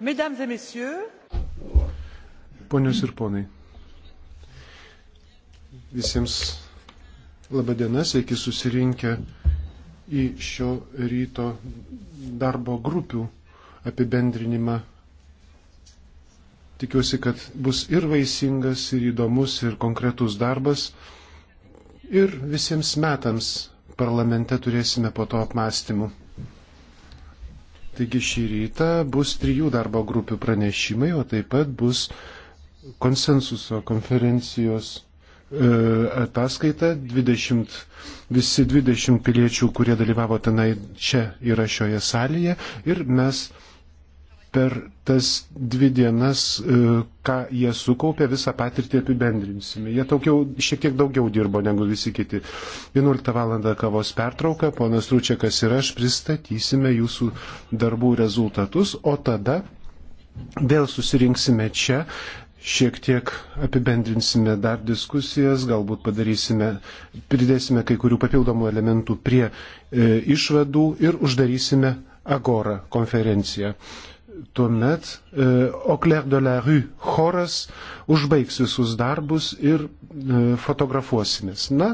Mesdames et messieurs. Ponios ir ponai. Visiems laba diena, sveiki susirinkę į šio ryto darbo grupių apibendrinimą. Tikiuosi, kad bus ir vaisingas, ir įdomus, ir konkretus darbas. Ir visiems metams parlamente turėsime po to apmąstymų. Taigi šį rytą bus trijų darbo grupių pranešimai, o taip pat bus konsensuso konferencijos e, ataskaita. 20, visi 20 piliečių, kurie dalyvavo tenai, čia yra šioje salėje ir mes per tas dvi dienas, e, ką jie sukaupė, visą patirtį apibendrinsime. Jie daugiau, šiek tiek daugiau dirbo negu visi kiti. 11 val. kavos pertrauka, ponas Rūčiakas ir aš pristatysime jūsų darbų rezultatus, o tada vėl susirinksime čia, šiek tiek apibendrinsime dar diskusijas, galbūt padarysime, pridėsime kai kurių papildomų elementų prie e, išvadų ir uždarysime Agora konferenciją tuomet e, Oclair de la Rue choras užbaigs visus darbus ir e, fotografuosimės. Na,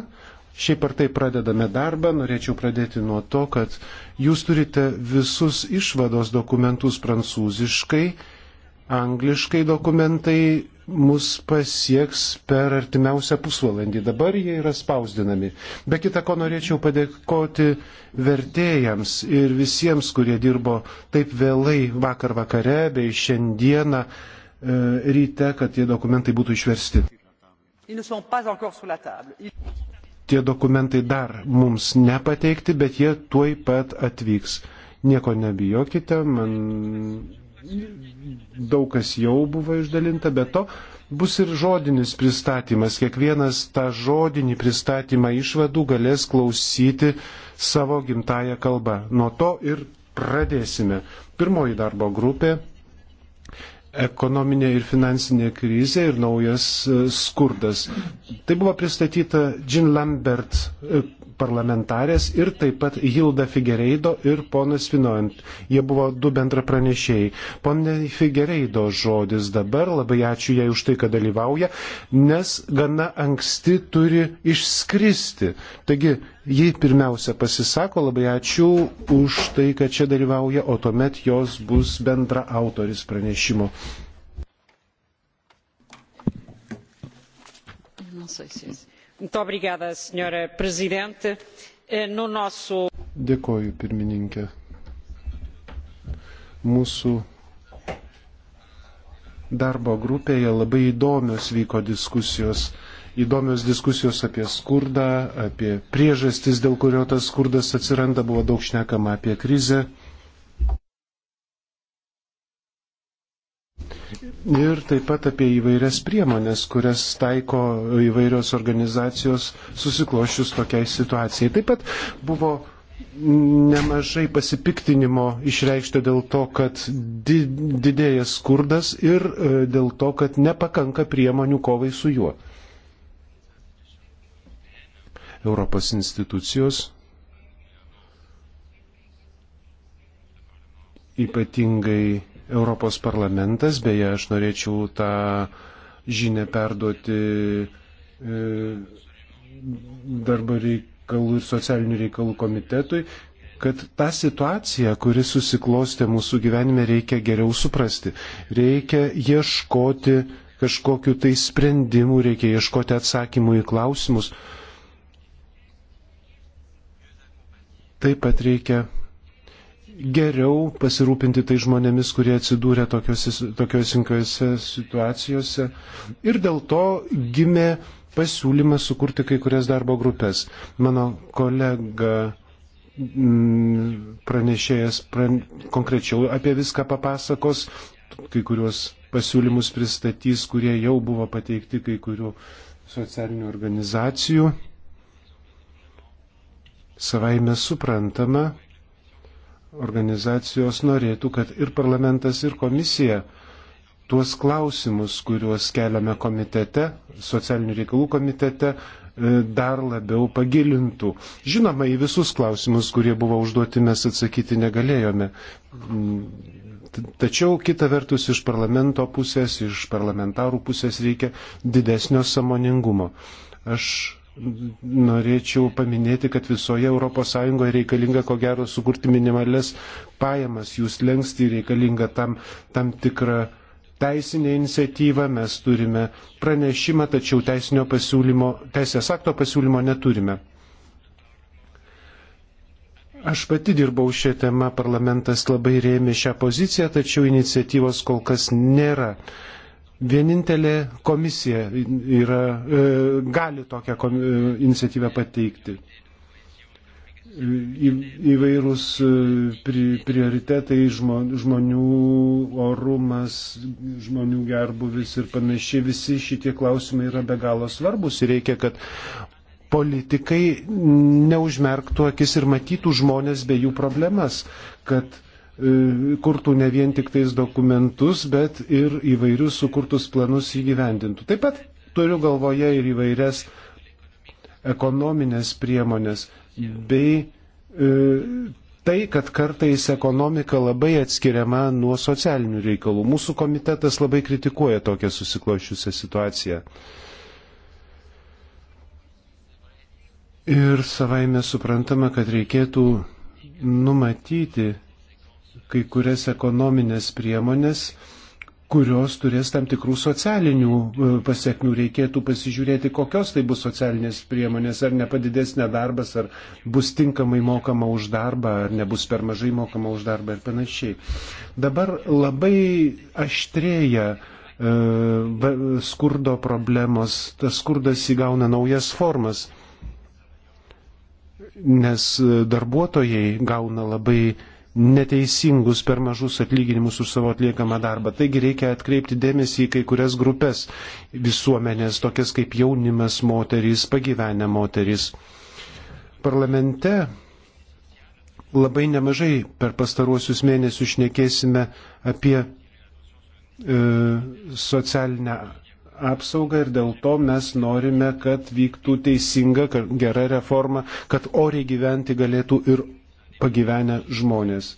šiaip ar tai pradedame darbą, norėčiau pradėti nuo to, kad jūs turite visus išvados dokumentus prancūziškai angliškai dokumentai mus pasieks per artimiausią pusvalandį. Dabar jie yra spausdinami. Be kita ko norėčiau padėkoti vertėjams ir visiems, kurie dirbo taip vėlai vakar vakare bei šiandieną e, ryte, kad tie dokumentai būtų išversti. Tie dokumentai dar mums nepateikti, bet jie tuoj pat atvyks. Nieko nebijokite, man daug kas jau buvo išdalinta, bet to bus ir žodinis pristatymas. Kiekvienas tą žodinį pristatymą išvadų galės klausyti savo gimtają kalbą. Nuo to ir pradėsime. Pirmoji darbo grupė - ekonominė ir finansinė krizė ir naujas e, skurdas. Tai buvo pristatyta Jean Lambert e, parlamentarės ir taip pat Hilda Figereido ir ponas Vinojant. Jie buvo du bendra pranešėjai. Pone Figereido žodis dabar, labai ačiū jai už tai, kad dalyvauja, nes gana anksti turi išskristi. Taigi, ji pirmiausia pasisako, labai ačiū už tai, kad čia dalyvauja, o tuomet jos bus bendra autoris pranešimo. Non so se Obrigada, senhora Presidente. Eh, no nosso... Dėkoju, pirmininkė. Mūsų darbo grupėje labai įdomios vyko diskusijos. Įdomios diskusijos apie skurdą, apie priežastis, dėl kurio tas skurdas atsiranda, buvo daug šnekama apie krizę. ir taip pat apie įvairias priemonės, kurias taiko įvairios organizacijos susiklošius tokiai situacijai. Taip pat buvo nemažai pasipiktinimo išreikšta dėl to, kad didėja skurdas ir e, dėl to, kad nepakanka priemonių kovai su juo. Europos institucijos, ypatingai Europos parlamentas, beje, aš norėčiau tą žinę perduoti e, darbo reikalų ir socialinių reikalų komitetui, kad tą situaciją, kuri susiklostė mūsų gyvenime, reikia geriau suprasti. Reikia ieškoti kažkokiu tai sprendimu, reikia ieškoti atsakymų į klausimus. Taip pat reikia geriau pasirūpinti tai žmonėmis, kurie atsidūrė tokiuose, tokiuose sunkiuose situacijose. Ir dėl to gimė pasiūlymas sukurti kai kurias darbo grupės. Mano kolega mm, pranešėjas pran, konkrečiau apie viską papasakos, kai kuriuos pasiūlymus pristatys, kurie jau buvo pateikti kai kurių socialinių organizacijų. Savaime suprantama, organizacijos norėtų, kad ir parlamentas, ir komisija tuos klausimus, kuriuos keliame komitete, socialinių reikalų komitete, e, dar labiau pagilintų. Žinoma, į visus klausimus, kurie buvo užduoti, mes atsakyti negalėjome. Mm, tačiau kita vertus iš parlamento pusės, iš parlamentarų pusės reikia didesnio samoningumo. Aš norėčiau paminėti, kad visoje ES reikalinga ko gero sukurti minimales pajamas, jūs lengsti reikalinga tam, tam tikrą teisinę iniciatyvą, mes turime pranešimą, tačiau teisinio pasiūlymo, teisės akto pasiūlymo neturime. Aš pati dirbau šią temą, parlamentas labai rėmė šią poziciją, tačiau iniciatyvos kol kas nėra. Vienintelė komisija yra, e, gali tokią e, iniciatyvą pateikti. Į, įvairūs e, pri, prioritetai žmo, žmonių orumas, žmonių gerbuvis ir panašiai, visi šitie klausimai yra be galo svarbus ir reikia, kad politikai neužmerktų akis ir matytų žmonės bei jų problemas, kad E, kurtų ne vien tik tais dokumentus, bet ir įvairius sukurtus planus įgyvendintų. Taip pat turiu galvoje ir įvairias ekonominės priemonės bei e, tai, kad kartais ekonomika labai atskiriama nuo socialinių reikalų. Mūsų komitetas labai kritikuoja tokią susiklošiusią situaciją. Ir savaime suprantama, kad reikėtų numatyti kai kurias ekonominės priemonės, kurios turės tam tikrų socialinių e, pasiekmių. Reikėtų pasižiūrėti, kokios tai bus socialinės priemonės, ar nepadidės nedarbas, ar bus tinkamai mokama už darbą, ar nebus per mažai mokama už darbą ir panašiai. Dabar labai aštrėja e, skurdo problemos, tas skurdas įgauna naujas formas, nes e, darbuotojai gauna labai neteisingus per mažus atlyginimus už savo atliekamą darbą. Taigi reikia atkreipti dėmesį į kai kurias grupės visuomenės, tokias kaip jaunimas, moterys, pagyvenę moterys. Parlamente labai nemažai per pastaruosius mėnesius šnekėsime apie e, socialinę apsaugą ir dėl to mes norime, kad vyktų teisinga, gera reforma, kad oriai gyventi galėtų ir pagyvenę žmonės.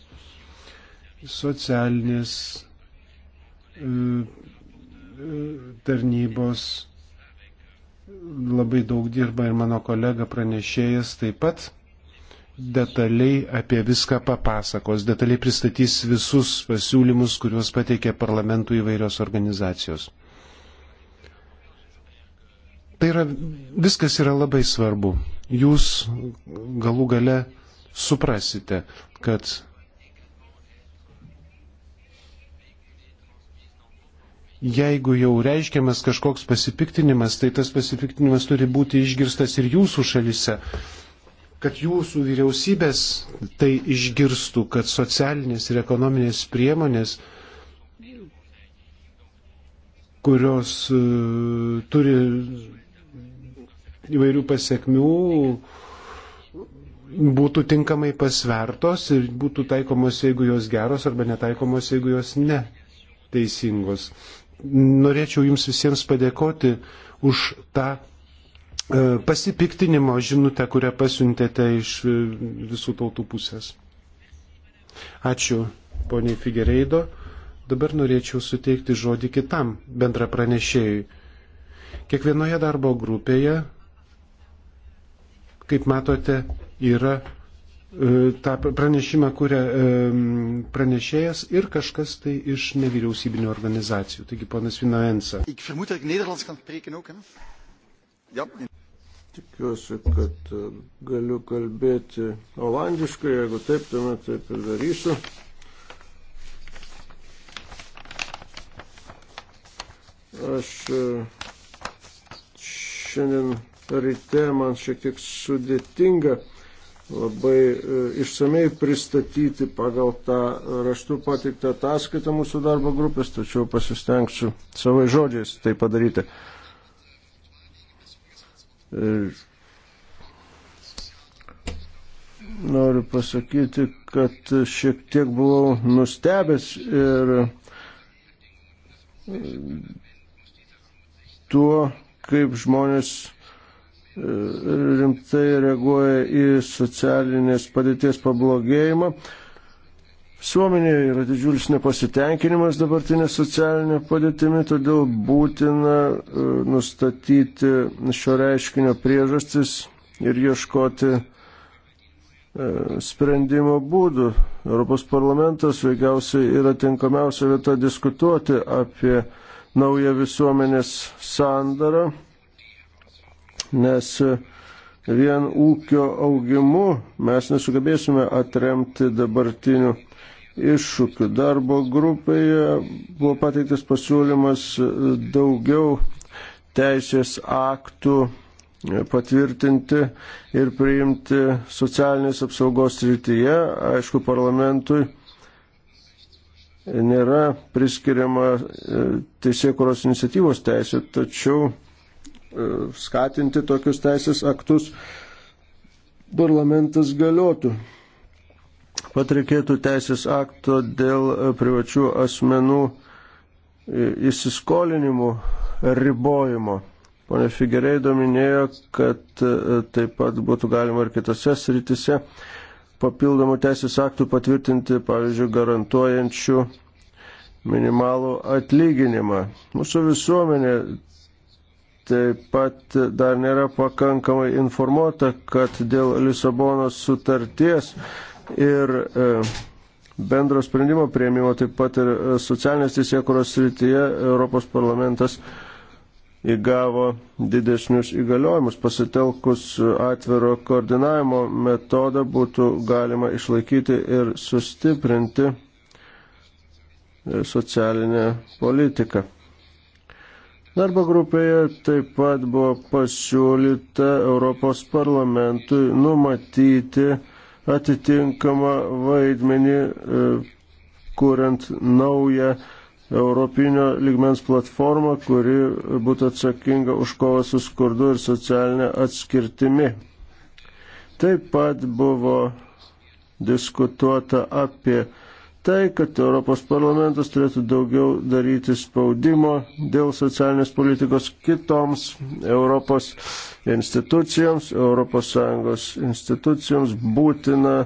Socialinės e, e, tarnybos labai daug dirba ir mano kolega pranešėjas taip pat detaliai apie viską papasakos, detaliai pristatys visus pasiūlymus, kuriuos pateikė parlamentų įvairios organizacijos. Tai yra, viskas yra labai svarbu. Jūs galų gale suprasite, kad jeigu jau reiškiamas kažkoks pasipiktinimas, tai tas pasipiktinimas turi būti išgirstas ir jūsų šalise, kad jūsų vyriausybės tai išgirstų, kad socialinės ir ekonominės priemonės, kurios uh, turi įvairių pasiekmių, uh, būtų tinkamai pasvertos ir būtų taikomos, jeigu jos geros, arba netaikomos, jeigu jos neteisingos. Norėčiau Jums visiems padėkoti už tą e, pasipiktinimo žinutę, kurią pasiuntėte iš e, visų tautų pusės. Ačiū, poniai Figereido. Dabar norėčiau suteikti žodį kitam bendra pranešėjui. Kiekvienoje darbo grupėje kaip matote, yra e, tą pranešimą kuria e, pranešėjas ir kažkas tai iš nevyriausybinio organizacijų. Taigi, ponas Vinaensa. Tikiuosi, kad e, galiu kalbėti olandiškai, jeigu taip, tuomet taip ir darysiu. Aš šiandien ryte man šiek tiek sudėtinga labai e, išsamei pristatyti pagal tą raštų patiktą ataskaitą mūsų darbo grupės, tačiau pasistengsiu savai žodžiais tai padaryti. E, noriu pasakyti, kad šiek tiek buvau nustebęs ir e, tuo, kaip žmonės rimtai reaguoja į socialinės padėties pablogėjimą. Suomenijoje yra didžiulis nepasitenkinimas dabartinė socialinė padėtimi, todėl būtina e, nustatyti šio reiškinio priežastis ir ieškoti e, sprendimo būdų. Europos parlamentas veikiausiai yra tinkamiausia vieta diskutuoti apie naują visuomenės sandarą nes vien ūkio augimu mes nesugebėsime atremti dabartinių iššūkių. Darbo grupėje buvo pateiktas pasiūlymas daugiau teisės aktų patvirtinti ir priimti socialinės apsaugos rytyje. Aišku, parlamentui nėra priskiriama e, teisėkuros iniciatyvos teisė, tačiau E, skatinti tokius teisės aktus, parlamentas galiotų. Pat reikėtų teisės akto dėl e, privačių asmenų e, įsiskolinimų ribojimo. Pone Figeriai dominėjo, kad taip pat būtų galima ir kitose sritise papildomų teisės aktų patvirtinti, pavyzdžiui, garantuojančių minimalų atlyginimą. Mūsų visuomenė Taip pat dar nėra pakankamai informuota, kad dėl Lisabonos sutarties ir e, bendro sprendimo prieimimo, taip pat ir e, socialinės teisėkuros srityje Europos parlamentas įgavo didesnius įgaliojimus. Pasitelkus atviro koordinavimo metodą būtų galima išlaikyti ir sustiprinti e, socialinę politiką. Darbo grupėje taip pat buvo pasiūlyta Europos parlamentui numatyti atitinkamą vaidmenį, e, kuriant naują Europinio ligmens platformą, kuri būtų atsakinga už kovą su skurdu ir socialinė atskirtimi. Taip pat buvo diskutuota apie tai, kad Europos parlamentas turėtų daugiau daryti spaudimo dėl socialinės politikos kitoms Europos institucijoms, ES institucijoms būtina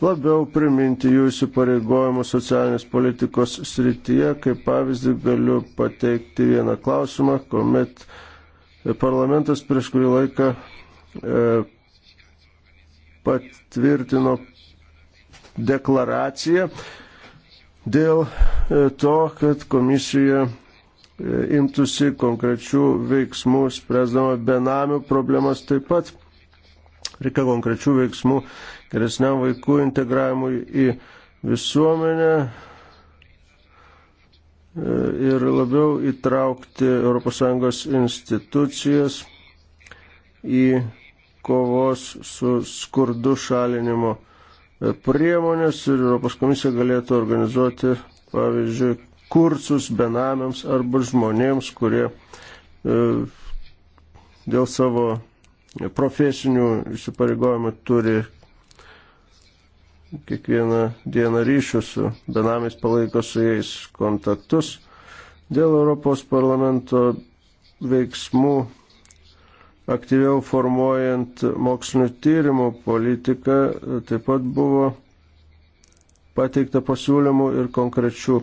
labiau priminti jų įsipareigojimus socialinės politikos srityje. Kaip pavyzdį galiu pateikti vieną klausimą, kuomet parlamentas prieš kurį laiką e, patvirtino deklaraciją, dėl e, to, kad komisija e, imtųsi konkrečių veiksmų, spręsdama benamių problemas taip pat. Reikia konkrečių veiksmų geresniam vaikų integravimui į visuomenę e, ir labiau įtraukti ES institucijas į kovos su skurdu šalinimo priemonės ir Europos komisija galėtų organizuoti, pavyzdžiui, kursus benamiams arba žmonėms, kurie e, dėl savo profesinių įsipareigojimų turi kiekvieną dieną ryšių su benamiais palaiko su jais kontaktus. Dėl Europos parlamento veiksmų aktyviau formuojant mokslinių tyrimų politiką, taip pat buvo pateikta pasiūlymų ir konkrečių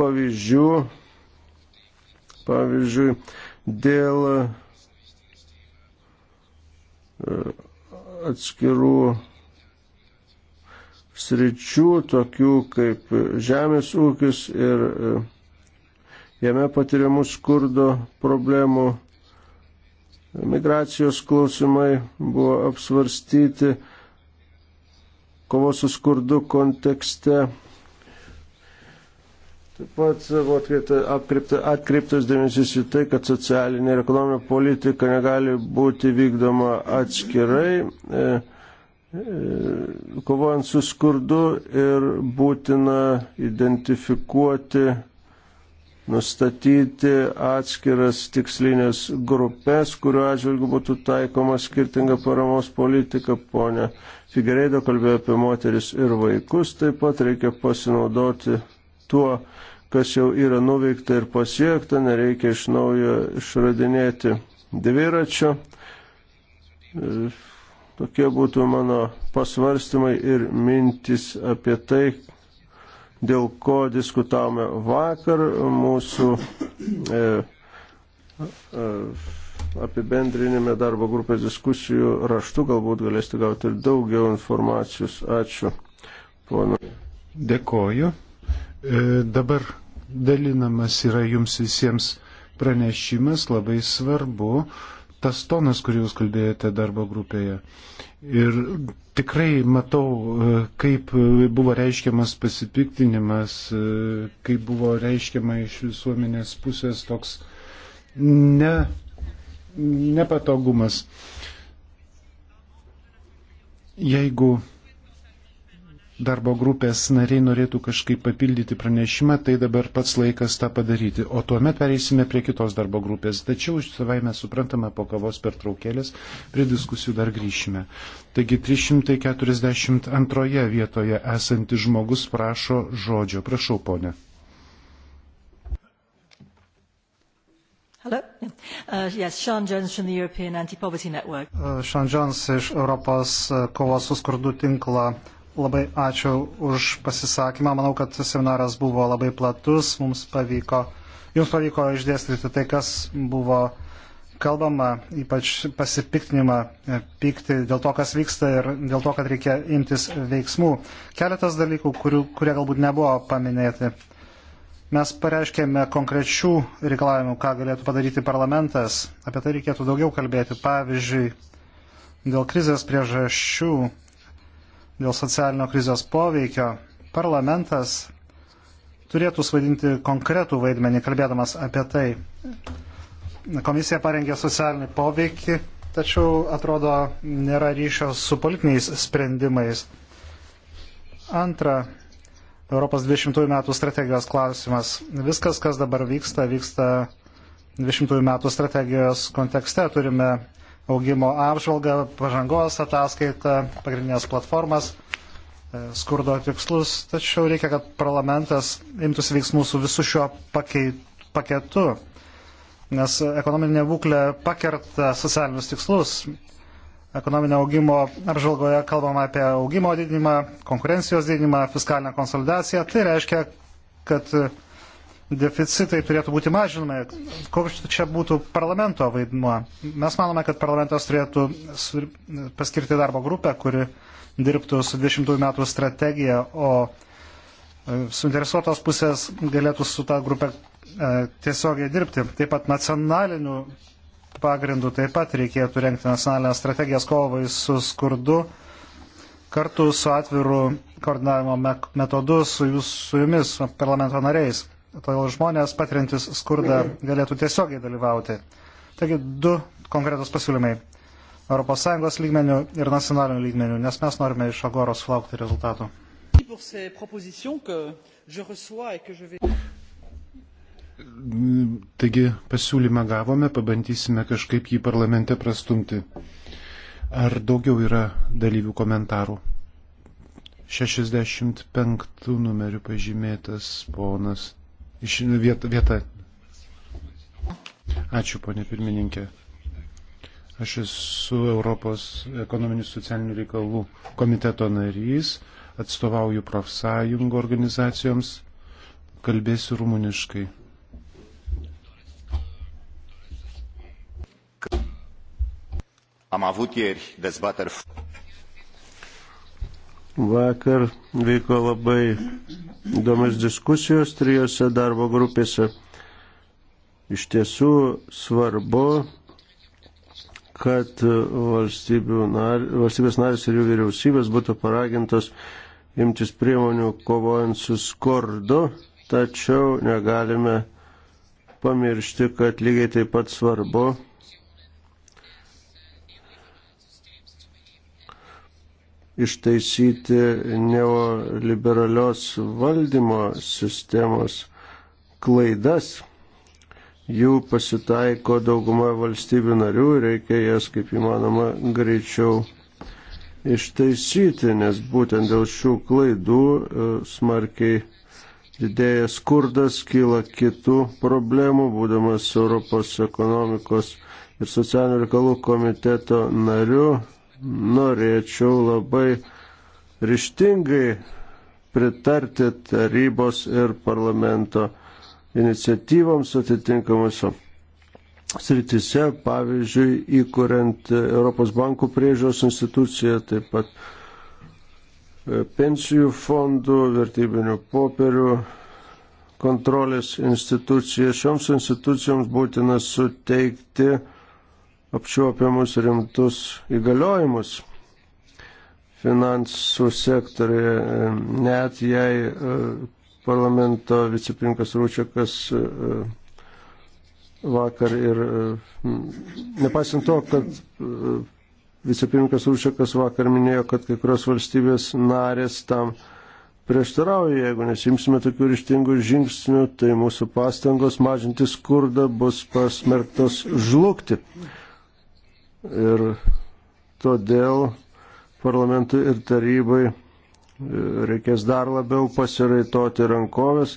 pavyzdžių. Pavyzdžiui, dėl e, atskirų sričių, tokių kaip žemės ūkis ir e, jame patiriamų skurdo problemų migracijos klausimai buvo apsvarstyti kovos su skurdu kontekste. Taip pat buvo atkreipta, atkreiptas dėmesys į tai, kad socialinė ir ekonominė politika negali būti vykdoma atskirai, e, e, kovojant su skurdu ir būtina identifikuoti nustatyti atskiras tikslinės grupės, kuriuo atžvilgiu būtų taikoma skirtinga paramos politika, ponė Figereido kalbėjo apie moteris ir vaikus, taip pat reikia pasinaudoti tuo, kas jau yra nuveikta ir pasiekta, nereikia iš naujo išradinėti dviračio. Tokie būtų mano pasvarstymai ir mintis apie tai, dėl ko diskutavome vakar, mūsų e, e, apibendrinime darbo grupės diskusijų raštu galbūt galėsite gauti ir daugiau informacijos. Ačiū. Ponu. Dėkoju. E, dabar dalinamas yra jums visiems pranešimas, labai svarbu tas tonas, kurį jūs kalbėjote darbo grupėje. Ir tikrai matau, e, kaip e, buvo reiškiamas pasipiktinimas, e, kaip buvo reiškiama iš visuomenės pusės toks ne, nepatogumas. Jeigu darbo grupės nariai norėtų kažkaip papildyti pranešimą, tai dabar pats laikas tą padaryti. O tuomet pereisime prie kitos darbo grupės. Tačiau iš savai mes suprantame po kavos pertraukėlės, prie diskusijų dar grįšime. Taigi 342 vietoje esantis žmogus prašo žodžio. Prašau, ponė. Hello. Uh, yes, Sean Jones from the European Anti-Poverty Network. Uh, Sean Jones iš Europos uh, kovos su skurdu tinklo Labai ačiū už pasisakymą. Manau, kad seminaras buvo labai platus. Mums pavyko, jums pavyko išdėstyti tai, kas buvo kalbama, ypač pasipiktinimą, e, pykti dėl to, kas vyksta ir dėl to, kad reikia imtis veiksmų. Keletas dalykų, kurių, kurie galbūt nebuvo paminėti. Mes pareiškėme konkrečių reikalavimų, ką galėtų padaryti parlamentas. Apie tai reikėtų daugiau kalbėti. Pavyzdžiui, dėl krizės priežasčių dėl socialinio krizės poveikio, parlamentas turėtų svaidinti konkretų vaidmenį, kalbėdamas apie tai. Komisija parengė socialinį poveikį, tačiau atrodo nėra ryšio su politiniais sprendimais. Antra, Europos 20 metų strategijos klausimas. Viskas, kas dabar vyksta, vyksta 20 metų strategijos kontekste. Turime augimo apžvalgą, pažangos ataskaitą, pagrindinės platformas, e, skurdo tikslus. Tačiau reikia, kad parlamentas imtųsi veiksmų su visu šiuo paketu, nes ekonominė būklė pakerta socialinius tikslus. Ekonominio augimo apžvalgoje kalbama apie augimo didinimą, konkurencijos didinimą, fiskalinę konsolidaciją. Tai reiškia, kad deficitai turėtų būti mažinami. Koks čia būtų parlamento vaidmuo? Mes manome, kad parlamentas turėtų paskirti darbo grupę, kuri dirbtų su 20 metų strategija, o e, suinteresuotos pusės galėtų su tą grupę e, tiesiogiai dirbti. Taip pat nacionalinių pagrindų taip pat reikėtų renkti nacionalinę strategiją kovai su skurdu kartu su atviru koordinavimo metodu su, jūs, su jumis, parlamento nariais todėl žmonės patirintis skurdą galėtų tiesiogiai dalyvauti. Taigi du konkretus pasiūlymai - ES lygmenių ir nacionalinių lygmenių, nes mes norime iš Agoros laukti rezultatų. Taigi pasiūlymą gavome, pabandysime kažkaip jį parlamente prastumti. Ar daugiau yra dalyvių komentarų? 65 numeriu pažymėtas ponas iš vietą. Nu, vietą. Ačiū, ponė pirmininkė. Aš esu Europos ekonominių socialinių reikalų komiteto narys, atstovauju profsąjungų organizacijoms, kalbėsiu rumuniškai. Am avut ieri dezbateri Vakar vyko labai įdomios diskusijos trijose darbo grupėse. Iš tiesų svarbu, kad nar, valstybės narės ir jų vyriausybės būtų paragintos imtis priemonių kovojant su skordu, tačiau negalime pamiršti, kad lygiai taip pat svarbu ištaisyti neoliberalios valdymo sistemos klaidas. Jų pasitaiko dauguma valstybių narių, reikia jas kaip įmanoma greičiau ištaisyti, nes būtent dėl šių klaidų e, smarkiai didėja skurdas, kyla kitų problemų, būdamas Europos ekonomikos ir socialinių reikalų komiteto nariu, norėčiau labai ryštingai pritarti tarybos ir parlamento iniciatyvoms atitinkamuose sritise, pavyzdžiui, įkuriant Europos bankų priežiūros instituciją, taip pat e, pensijų fondų, vertybinių popierių kontrolės instituciją. Šioms institucijoms būtina suteikti apčiuopiamus rimtus įgaliojimus finansų sektorėje, net jei e, parlamento vicepinkas Rūčiakas e, vakar ir e, nepaisant to, kad vicepinkas Rūčiakas vakar minėjo, kad kai kurios valstybės narės tam prieštarauja, jeigu nesimsime tokių ryštingų žingsnių, tai mūsų pastangos mažinti skurdą bus pasmerktos žlugti. Ir todėl parlamentui ir tarybai e, reikės dar labiau pasiraitoti rankovės,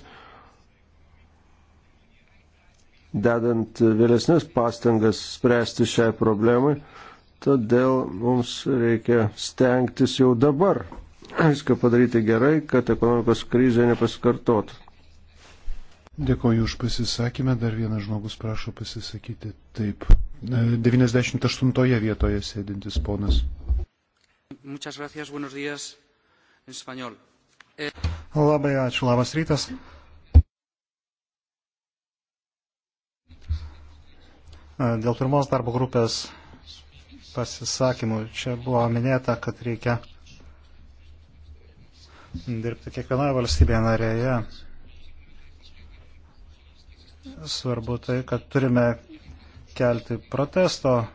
dedant vėlesnės pastangas spręsti šiai problemai. Todėl mums reikia stengtis jau dabar viską padaryti gerai, kad ekonomikos krizė nepasikartotų. Dėkoju už pasisakymą, dar vienas žmogus prašo pasisakyti taip. 98 vietoje sėdintis ponas. Muchas gracias, buenos días, en español. Eh, Labai ačiū, labas rytas. Dėl pirmos darbo grupės pasisakymų čia buvo minėta, kad reikia dirbti kiekvienoje valstybėje narėje. Svarbu tai, kad turime kelti protesto e,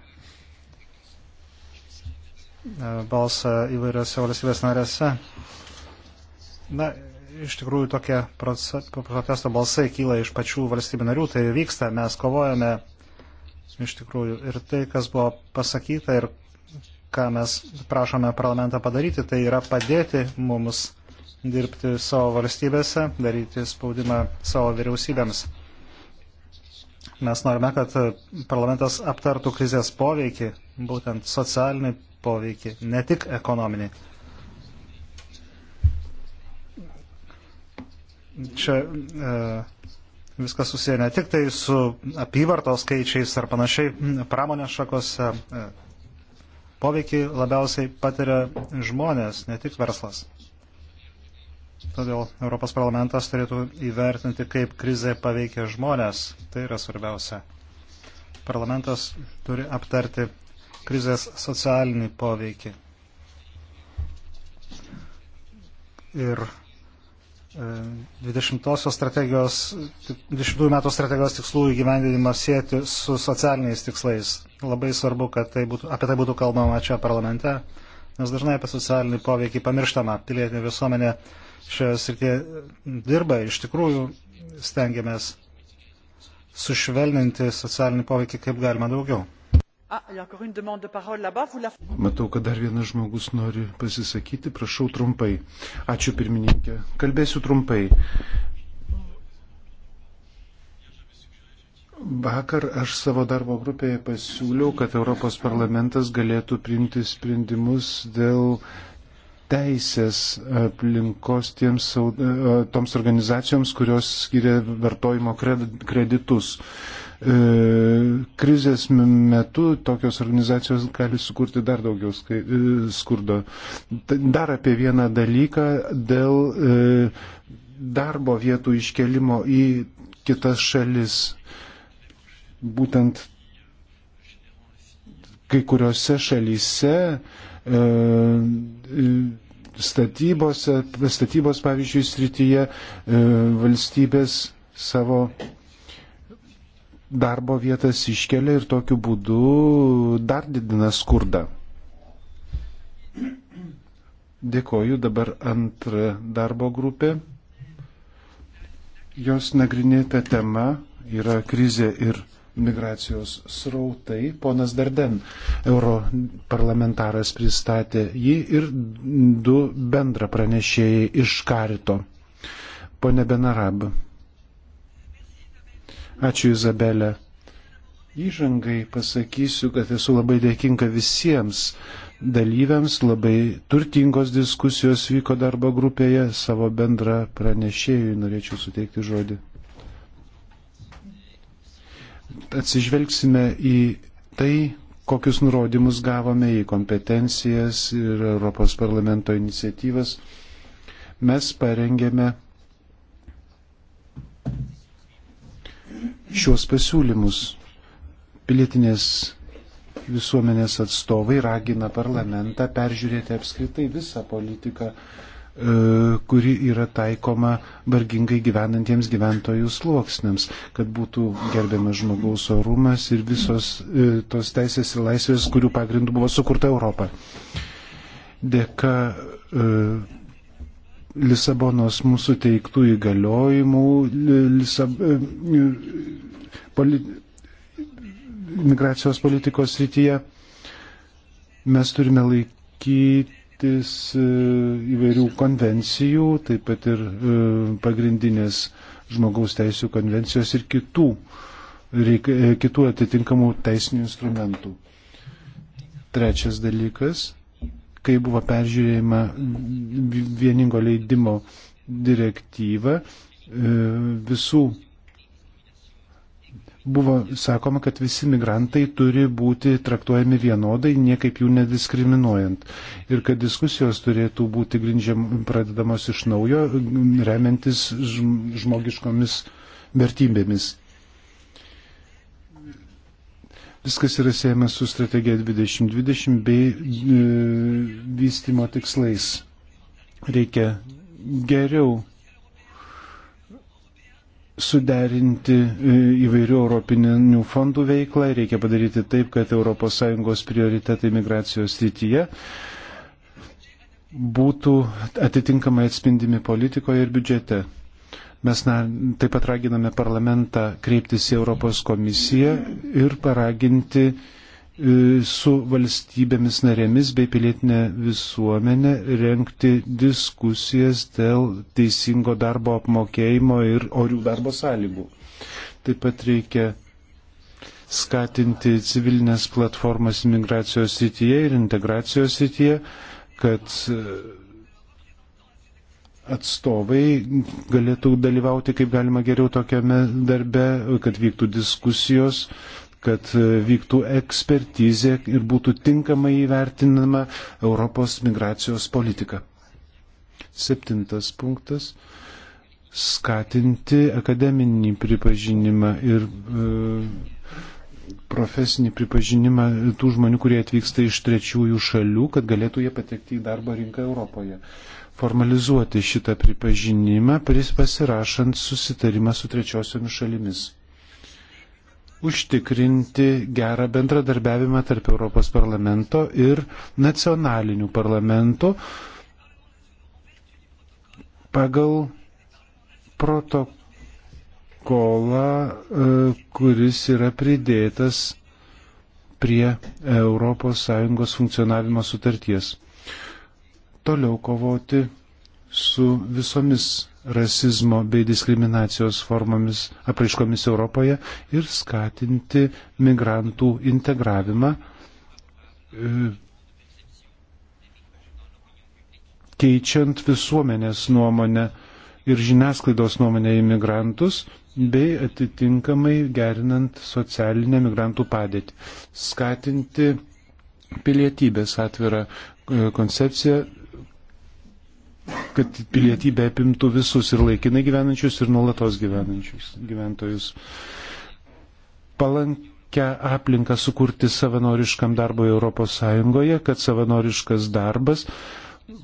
balsą įvairiose valstybės narėse. Na, iš tikrųjų tokie protesto balsai kyla iš pačių valstybių narių, tai vyksta, mes kovojame iš tikrųjų. Ir tai, kas buvo pasakyta ir ką mes prašome parlamentą padaryti, tai yra padėti mums dirbti savo valstybėse, daryti spaudimą savo vyriausybėms. Mes norime, kad parlamentas aptartų krizės poveikį, būtent socialinį poveikį, ne tik ekonominį. Čia e, viskas susiję ne tik tai su apyvartos skaičiais ar panašiai pramonės šakose. E, poveikį labiausiai patiria žmonės, ne tik verslas. Todėl Europos parlamentas turėtų įvertinti, kaip krizė paveikia žmonės. Tai yra svarbiausia. Parlamentas turi aptarti krizės socialinį poveikį. Ir 20 e, strategijos, 20 metų strategijos tikslų įgyvendinimą sėti su socialiniais tikslais. Labai svarbu, kad tai būtų, apie tai būtų kalbama čia parlamente, nes dažnai apie socialinį poveikį pamirštama. Pilietinė visuomenė šioje srityje dirba, iš tikrųjų stengiamės sušvelninti socialinį poveikį kaip galima daugiau. Ah, Matau, kad dar vienas žmogus nori pasisakyti, prašau trumpai. Ačiū pirmininkė. Kalbėsiu trumpai. Vakar aš savo darbo grupėje pasiūliau, kad Europos parlamentas galėtų priimti sprendimus dėl uh, teisės aplinkos tiems, e, toms organizacijoms, kurios skiria vartojimo kreditus. E, krizės metu tokios organizacijos gali sukurti dar daugiau e, skurdo. Dar apie vieną dalyką dėl darbo vietų iškelimo į kitas šalis. Būtent kai kuriuose šalyse uh, E, e, statybose, statybos pavyzdžiui srityje e, valstybės savo darbo vietas iškelia ir tokiu būdu dar didina skurdą. Dėkoju dabar antrą darbo grupę. Jos nagrinėta tema yra krizė ir migracijos srautai. Ponas Darden, europarlamentaras, pristatė jį ir du bendra pranešėjai iš Karito. Pone Benarab. Ačiū Izabelė. Įžangai pasakysiu, kad esu labai dėkinga visiems dalyviams, labai turtingos diskusijos vyko darbo grupėje, savo bendrą pranešėjui norėčiau suteikti žodį atsižvelgsime į tai, kokius nurodymus gavome į kompetencijas ir Europos parlamento iniciatyvas, mes parengėme šiuos pasiūlymus. Pilietinės visuomenės atstovai ragina parlamentą peržiūrėti apskritai visą politiką E, kuri yra taikoma vargingai gyvenantiems gyventojų sluoksniams, kad būtų gerbiamas žmogaus orumas ir visos e, tos teisės ir laisvės, kurių pagrindų buvo sukurta Europa. Dėka e, Lisabonos mūsų teiktų įgaliojimų, Lisab... poli... migracijos politikos rytyje mes turime laikyti laikytis e, įvairių konvencijų, taip pat ir e, pagrindinės žmogaus teisų konvencijos ir kitų, reik, e, kitų atitinkamų teisinių instrumentų. Trečias dalykas, kai buvo peržiūrėjama vieningo leidimo direktyva, visų buvo sakoma, kad visi migrantai turi būti traktuojami vienodai, niekaip jų nediskriminuojant. Ir kad diskusijos turėtų būti grindžiam, pradedamos iš naujo, remiantis žmogiškomis vertybėmis. Viskas yra siejama su strategija 2020 bei e, vystimo tikslais. Reikia geriau suderinti e, įvairių europinių fondų veiklą, reikia padaryti taip, kad ES prioritetai migracijos srityje būtų atitinkamai atspindimi politikoje ir biudžete. Mes na, taip pat raginame parlamentą kreiptis į Europos komisiją ir paraginti uh, E, su valstybėmis narėmis bei pilietinė visuomenė renkti diskusijas dėl teisingo darbo apmokėjimo ir orių darbo sąlygų. Taip pat reikia skatinti civilinės platformas imigracijos srityje ir integracijos srityje, kad e, atstovai galėtų dalyvauti kaip galima geriau tokiame darbe, kad vyktų diskusijos kad e, vyktų ekspertizė ir būtų tinkamai įvertinama Europos migracijos politika. Septintas punktas - skatinti akademinį pripažinimą ir e, profesinį pripažinimą tų žmonių, kurie atvyksta iš trečiųjų šalių, kad galėtų jie patekti į darbo rinką Europoje. Formalizuoti šitą pripažinimą pasirašant susitarimą su trečiosiomis šalimis užtikrinti gerą bendradarbiavimą tarp Europos parlamento ir nacionalinių parlamentų pagal protokolą, e, kuris yra pridėtas prie ES funkcionavimo sutarties. Toliau kovoti su visomis rasizmo bei diskriminacijos formomis apraiškomis Europoje ir skatinti migrantų integravimą, e, keičiant visuomenės nuomonę ir žiniasklaidos nuomonę į migrantus bei atitinkamai gerinant socialinę migrantų padėtį. Skatinti pilietybės atvirą e, koncepciją kad pilietybė apimtų visus ir laikinai gyvenančius, ir nuolatos gyvenančius gyventojus. Palankę aplinką sukurti savanoriškam darbui ES, kad savanoriškas darbas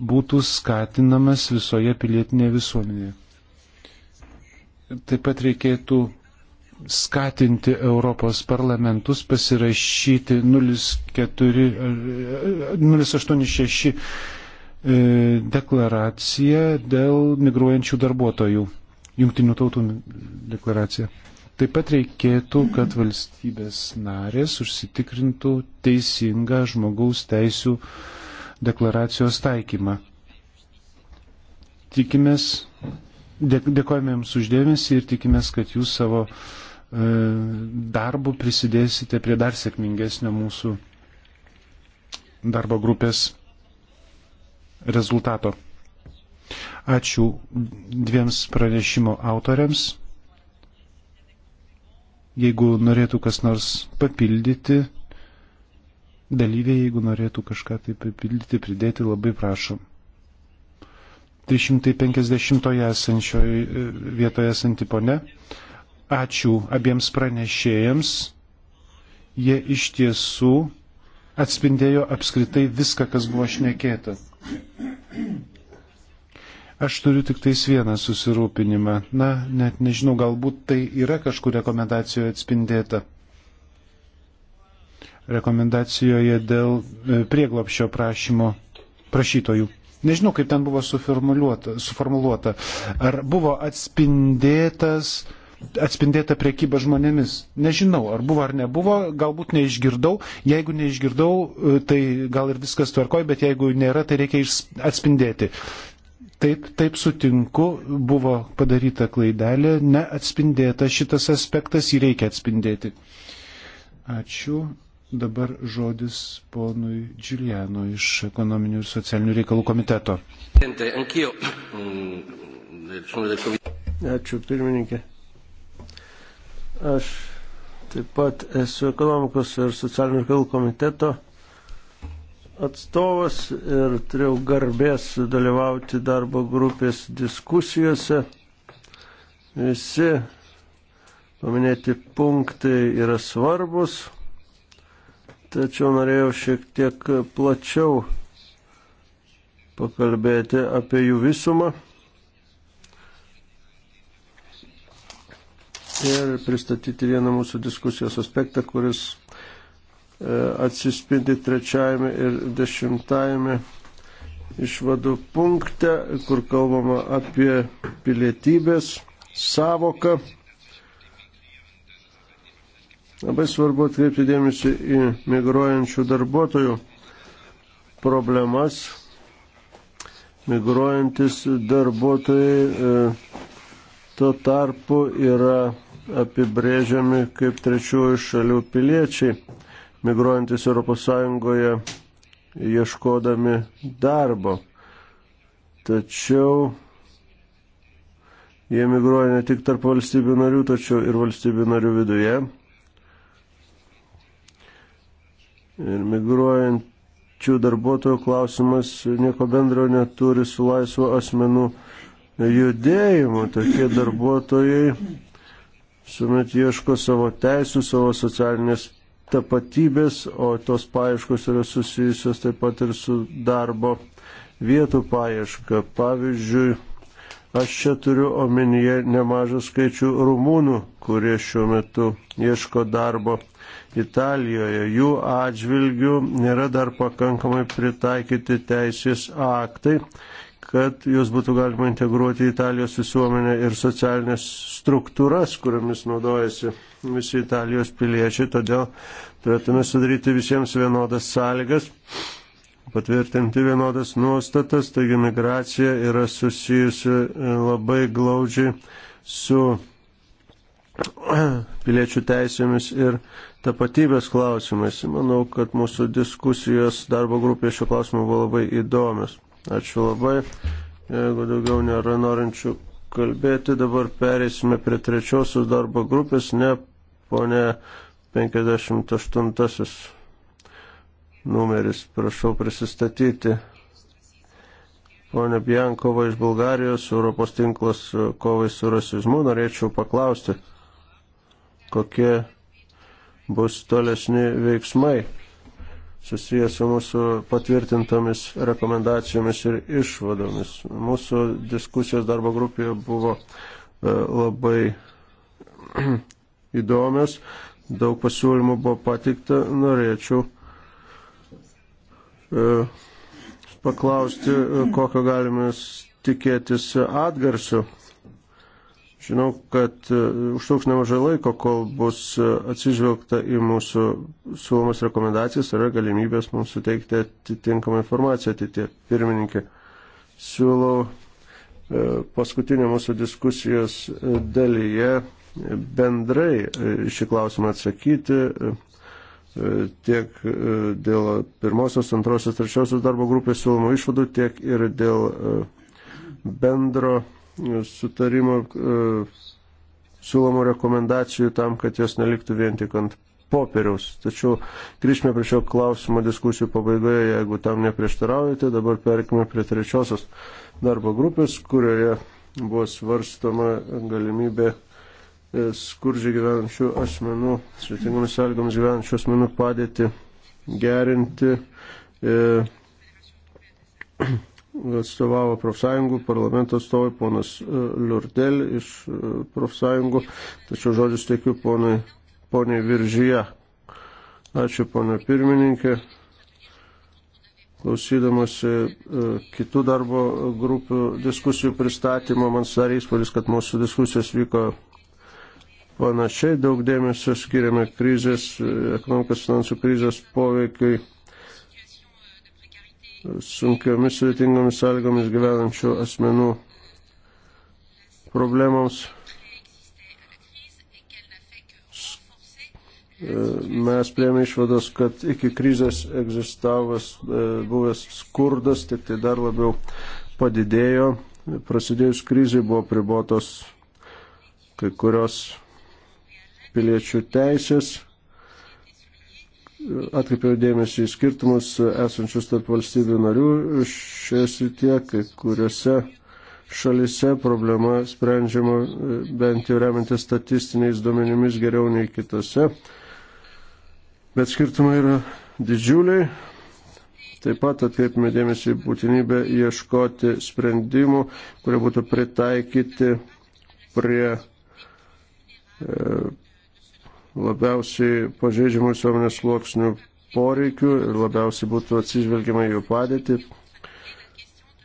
būtų skatinamas visoje pilietinėje visuomenėje. Taip pat reikėtų skatinti Europos parlamentus pasirašyti 086 E, deklaracija dėl migruojančių darbuotojų, jungtinių tautų deklaracija. Taip pat reikėtų, kad valstybės narės užsitikrintų teisingą žmogaus teisų deklaracijos taikymą. Tikimės, dėkojame Jums uždėmesį ir tikimės, kad Jūs savo e, darbu prisidėsite prie dar sėkmingesnio mūsų darbo grupės rezultato. Ačiū dviems pranešimo autoriams. Jeigu norėtų kas nors papildyti, dalyviai, jeigu norėtų kažką tai papildyti, pridėti, labai prašom. 350 esančioje e, vietoje esanti ponė. Ačiū abiems pranešėjams. Jie iš tiesų atspindėjo apskritai viską, kas buvo šnekėta. Aš turiu tik tais vieną susirūpinimą. Na, net nežinau, galbūt tai yra kažkur rekomendacijoje atspindėta. Rekomendacijoje dėl e, prieglopšio prašymo prašytojų. Nežinau, kaip ten buvo suformuluota. suformuluota. Ar buvo atspindėtas uh, atspindėta priekyba žmonėmis. Nežinau, ar buvo ar nebuvo, galbūt neišgirdau. Jeigu neišgirdau, e, tai gal ir viskas tvarkoj, bet jeigu nėra, tai reikia atspindėti. Taip, taip sutinku, buvo padaryta klaidelė, neatspindėta šitas aspektas, jį reikia atspindėti. Ačiū. Dabar žodis ponui Džiuliano iš ekonominių ir socialinių reikalų komiteto. Mm, Ačiū pirmininkė. Aš taip pat esu ekonomikos ir socialinių reikalų komiteto atstovas ir turėjau garbės dalyvauti darbo grupės diskusijose. Visi paminėti punktai yra svarbus, tačiau norėjau šiek tiek plačiau pakalbėti apie jų visumą. ir pristatyti vieną mūsų diskusijos aspektą, kuris e, atsispindi trečiajame ir dešimtajame išvadų punkte, kur kalbama apie pilietybės savoką. Labai svarbu atkreipti dėmesį į migruojančių darbuotojų problemas. Migruojantis darbuotojai e, tuo tarpu yra apibrėžiami kaip trečiųjų šalių piliečiai, migruojantis ES ieškodami darbo. Tačiau jie migruoja ne tik tarp valstybių narių, tačiau ir valstybių narių viduje. Ir migruojančių darbuotojų klausimas nieko bendro neturi su laisvo asmenų judėjimu. Tokie darbuotojai visuomet ieško savo teisų, savo socialinės tapatybės, o tos paieškos yra susijusios taip pat ir su darbo vietų paieška. Pavyzdžiui, aš čia turiu omenyje nemažą skaičių rumūnų, kurie šiuo metu ieško darbo Italijoje. Jų atžvilgių nėra dar pakankamai pritaikyti teisės aktai kad juos būtų galima integruoti į Italijos visuomenę ir socialinės struktūras, kuriomis naudojasi visi Italijos piliečiai. Todėl turėtume sudaryti visiems vienodas sąlygas, patvirtinti vienodas nuostatas, taigi migracija yra susijusi e, labai glaudžiai su piliečių teisėmis ir tapatybės klausimais. Manau, kad mūsų diskusijos darbo grupėje šio klausimo buvo labai įdomios. Ačiū labai. Jeigu daugiau nėra norinčių kalbėti, dabar perėsime prie trečiosios darbo grupės, ne ponė 58 numeris. Prašau prisistatyti. Pone Biankova iš Bulgarijos, Europos tinklas kovai su rasizmu, norėčiau paklausti, kokie bus tolesni veiksmai susijęs su mūsų patvirtintomis rekomendacijomis ir išvadomis. Mūsų diskusijos darbo grupėje buvo e, labai įdomios, daug pasiūlymų buvo patikta, norėčiau e, paklausti, e, kokio galime tikėtis atgarsiu Žinau, kad e, užtruks nemažai laiko, kol bus e, atsižvelgta į mūsų siūlomas rekomendacijas ir galimybės mums suteikti atitinkamą informaciją ateitie. Pirmininkė, siūlau e, paskutinė mūsų diskusijos dalyje bendrai šį klausimą atsakyti tiek dėl pirmosios, antrosios, trečiosios darbo grupės siūlomų išvadų, tiek ir dėl bendro sutarimo, e, siūlomų rekomendacijų tam, kad jos neliktų vien tik ant popieriaus. Tačiau grįžtume prie šio klausimo diskusijų pabaigoje, jeigu tam neprieštaraujate, dabar perkime prie trečiosios darbo grupės, kurioje buvo svarstoma galimybė e, skurdžiai gyvenančių asmenų, svetingomis sąlygomis gyvenančių asmenų padėti gerinti. E, atstovavo profsąjungų parlamento atstovai ponas e, Liurdel iš e, profsąjungų, tačiau žodžius teikiu ponai, poniai Viržyje. Ačiū ponia pirmininkė. Klausydamasi e, kitų darbo grupių diskusijų pristatymo, man sudarė įspūdis, kad mūsų diskusijos vyko panašiai, daug dėmesio skiriame krizės, ekonomikos finansų krizės poveikiai sunkiomis sudėtingomis sąlygomis gyvenančių asmenų problemams. Mes prieėmė išvados, kad iki krizės egzistavas e, buvęs skurdas, tik tai dar labiau padidėjo. Prasidėjus krizai buvo pribotos kai kurios piliečių teisės, atkreipiau dėmesį į skirtumus esančius tarp valstybių narių šioje srityje, kai kuriuose šalise problema sprendžiama e, bent jau remiantis statistiniais duomenimis geriau nei kitose. Bet skirtumai yra didžiuliai. Taip pat atkreipime dėmesį į būtinybę ieškoti sprendimų, kurie būtų pritaikyti prie e, labiausiai pažeidžiamų visuomenės sluoksnių poreikių ir labiausiai būtų atsižvelgiama jų padėtį.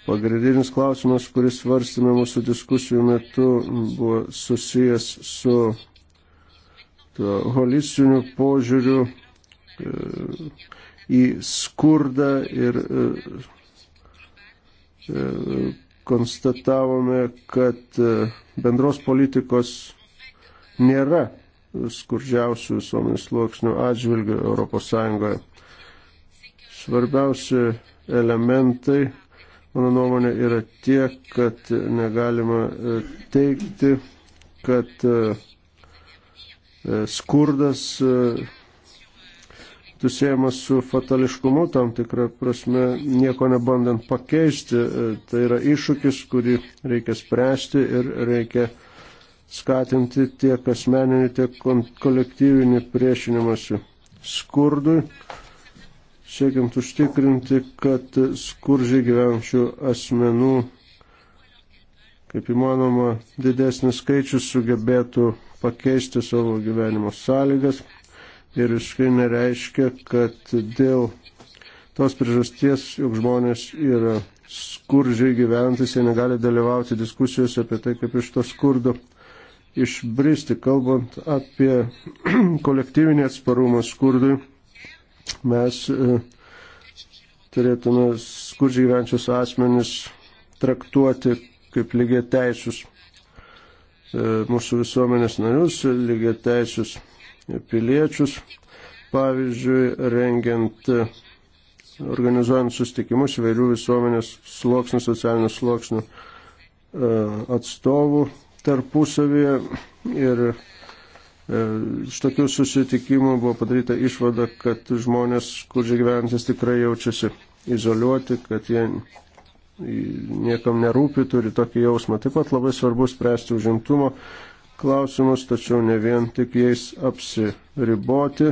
Pagrindinis klausimas, kuris svarstėme mūsų diskusijų metu, buvo susijęs su holistiniu požiūriu e, į skurdą ir e, e, konstatavome, kad bendros politikos nėra skurdžiausių visuomenės sluoksnių atžvilgių Europos Sąjungoje. Svarbiausi elementai, mano nuomonė, yra tie, kad negalima e, teikti, kad e, e, skurdas susijęs su fatališkumu, tam tikrą prasme, nieko nebandant pakeisti. Tai yra iššūkis, kurį reikia spręsti ir reikia skatinti tiek asmeninį, tiek kolektyvinį priešinimąsi skurdui, siekiant užtikrinti, kad skurdžiai gyvenčių asmenų kaip įmanoma didesnis skaičius sugebėtų pakeisti savo gyvenimo sąlygas ir visiškai nereiškia, kad dėl tos priežasties, jog žmonės yra skurdžiai gyventis, jie negali dalyvauti diskusijose apie tai, kaip iš to skurdo išbristi, kalbant apie kolektyvinį atsparumą skurdui, mes e, turėtume skurdžiai gyvenčius asmenis traktuoti kaip lygiai teisius e, mūsų visuomenės narius, lygiai teisius piliečius. Pavyzdžiui, rengiant, e, organizuojant sustikimus įvairių visuomenės sluoksnių, socialinių sluoksnių atstovų, tarpusavėje ir e, iš tokių susitikimų buvo padaryta išvada, kad žmonės, kur gyvenantis tikrai jaučiasi izoliuoti, kad jie niekam nerūpi, turi tokį jausmą. Taip pat labai svarbu spręsti užimtumo klausimus, tačiau ne vien tik jais apsiriboti,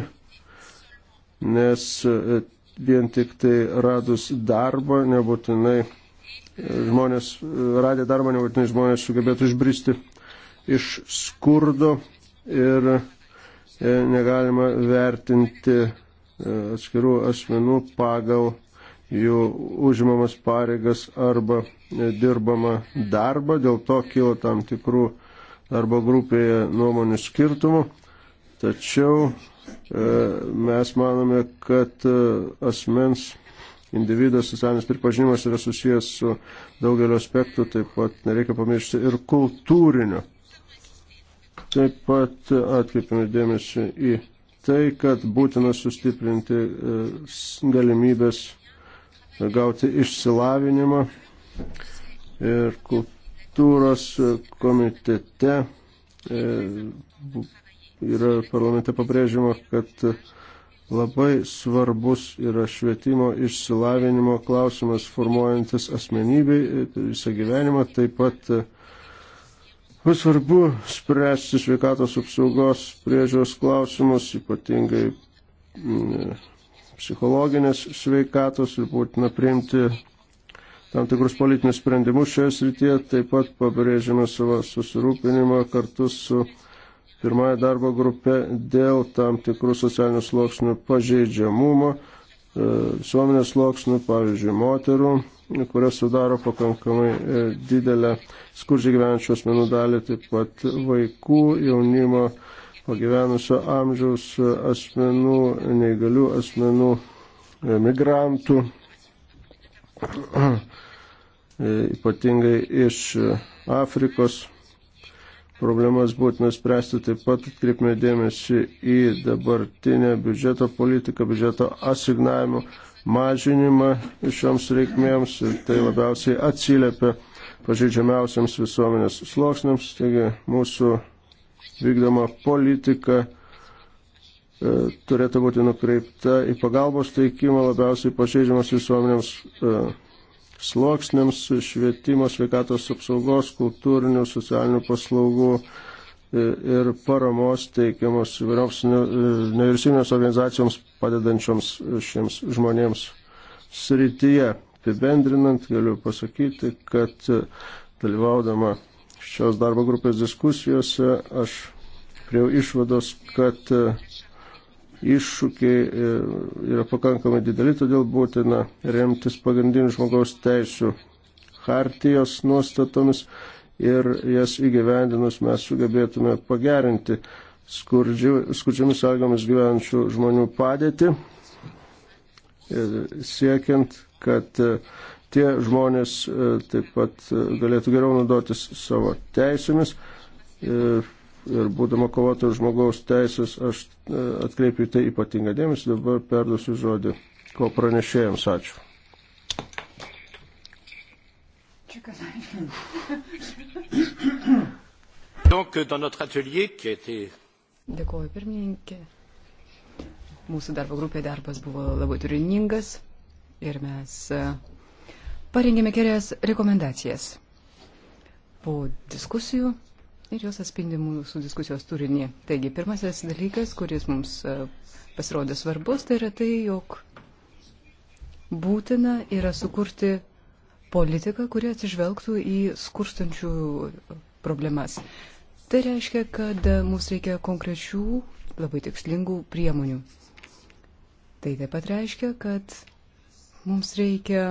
nes e, vien tik tai radus darbą nebūtinai žmonės radė darbą, nebūtinai žmonės sugebėtų išbristi iš skurdo ir e, negalima vertinti e, atskirų asmenų pagal jų užimamas pareigas arba e, dirbama darbą, dėl to kilo tam tikrų darbo grupėje nuomonių skirtumų. Tačiau mes manome, kad asmens individo socialinis pripažinimas yra susijęs su daugeliu aspektų, taip pat nereikia pamiršti ir kultūrinio. Taip pat atkreipiame dėmesį į tai, kad būtina sustiprinti e, galimybės gauti išsilavinimą ir kultūros komitete e, yra parlamente pabrėžima, kad Labai svarbus yra švietimo išsilavinimo klausimas formuojantis asmenybei e, tai visą gyvenimą. Taip pat e, labai svarbu spręsti sveikatos apsaugos priežiūros klausimus, ypatingai mm, e, psichologinės sveikatos ir būtina priimti tam tikrus politinius sprendimus šioje srityje. Taip pat pabrėžiame savo susirūpinimą kartu su pirmąją darbo grupę dėl tam tikrų socialinių sluoksnių pažeidžiamumo, e, visuomenės sluoksnių, pavyzdžiui, moterų, kurias sudaro pakankamai e, didelę skurdžiai gyvenančių asmenų dalį, taip pat vaikų, jaunimo, pagyvenusio amžiaus asmenų, neįgalių asmenų, e, migrantų, ypatingai iš Afrikos problemas būtina spręsti. Taip pat atkreipime dėmesį į dabartinę biudžeto politiką, biudžeto asignavimo mažinimą šioms reikmėms ir tai labiausiai atsiliepia pažeidžiamiausiams visuomenės sluoksniams. Taigi mūsų vykdoma politika e, turėtų būti nukreipta į pagalbos teikimą labiausiai pažeidžiamas visuomenėms e, sloksniams švietimo, sveikatos apsaugos, kultūrinių, socialinių paslaugų ir paramos teikiamos įvairioms nevyriausybinėms organizacijoms padedančioms šiems žmonėms srityje. Apibendrinant, galiu pasakyti, kad dalyvaudama šios darbo grupės diskusijose aš prie išvados, kad iššūkiai e, yra pakankamai dideli, todėl būtina remtis pagrindinių žmogaus teisų hartijos nuostatomis ir jas įgyvendinus mes sugebėtume pagerinti skurdžiamis sąlygomis gyvenančių žmonių padėtį, siekiant, kad e, tie žmonės e, taip pat galėtų geriau naudotis savo teisėmis. Ir ir būdama kovotojų žmogaus teisės, aš e, atkreipiu tai ypatingą dėmesį, dabar perduosiu žodį ko pranešėjams. Ačiū. Donc, dans notre atelier qui a été. Dėkuoju, pirmininkė. Mūsų darbo grupė darbas buvo labai turiningas ir mes e, parengėme kelias rekomendacijas. Po diskusijų ir jos atspindi mūsų diskusijos turinį. Taigi, pirmasis dalykas, kuris mums e, pasirodė svarbus, tai yra tai, jog būtina yra sukurti politiką, kurie atsižvelgtų į skurstančių problemas. Tai reiškia, kad mums reikia konkrečių, labai tikslingų priemonių. Tai taip pat reiškia, kad mums reikia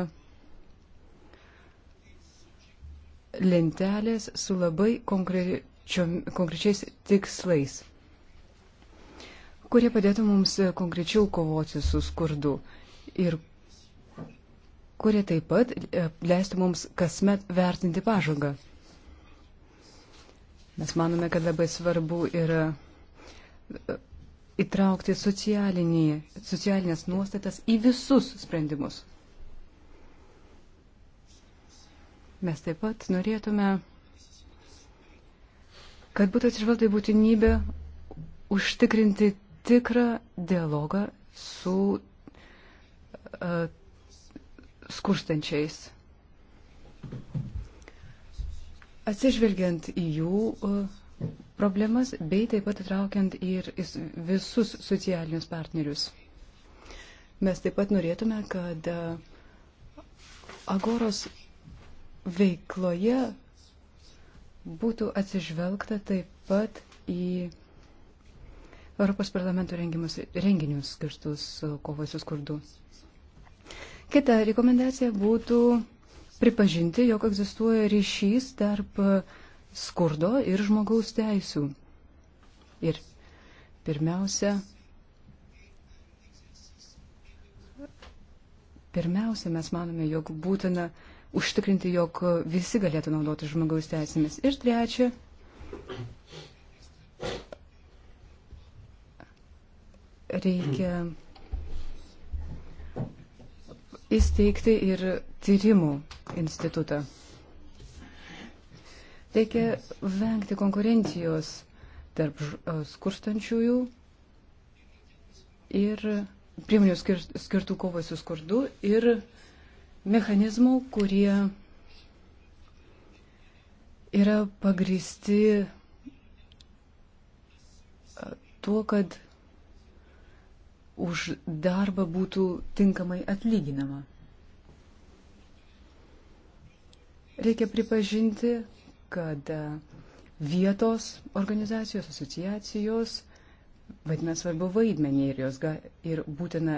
lentelės su labai konkrečiais tikslais, kurie padėtų mums e, konkrečiau kovoti su skurdu ir kurie taip pat e, leistų mums kasmet vertinti pažangą. Mes manome, kad labai svarbu yra e, įtraukti socialinės nuostatas į visus sprendimus. Mes taip pat norėtume, kad būtų atsižvelgta į būtinybę užtikrinti tikrą dialogą su uh, skurstančiais. Atsižvelgiant į jų uh, problemas, bei taip pat įtraukiant ir visus socialinius partnerius. Mes taip pat norėtume, kad uh, Agoros veikloje būtų atsižvelgta taip pat į Europos parlamento rengimus, renginius skirtus kovai su skurdu. Kita rekomendacija būtų pripažinti, jog egzistuoja ryšys tarp skurdo ir žmogaus teisų. Ir pirmiausia, pirmiausia mes manome, jog būtina uh, užtikrinti, jog visi galėtų naudoti žmogaus teisėmis. Ir trečia, reikia įsteigti ir tyrimų institutą. Reikia vengti konkurencijos tarp e, skurstančiųjų ir priemonių skirtų kovai su skurdu ir mechanizmų, kurie yra pagristi e, tuo, kad už darbą būtų tinkamai atlyginama. Reikia pripažinti, kad e, vietos organizacijos, asociacijos vaidina svarbu vaidmenį ir, jos, ga, ir būtina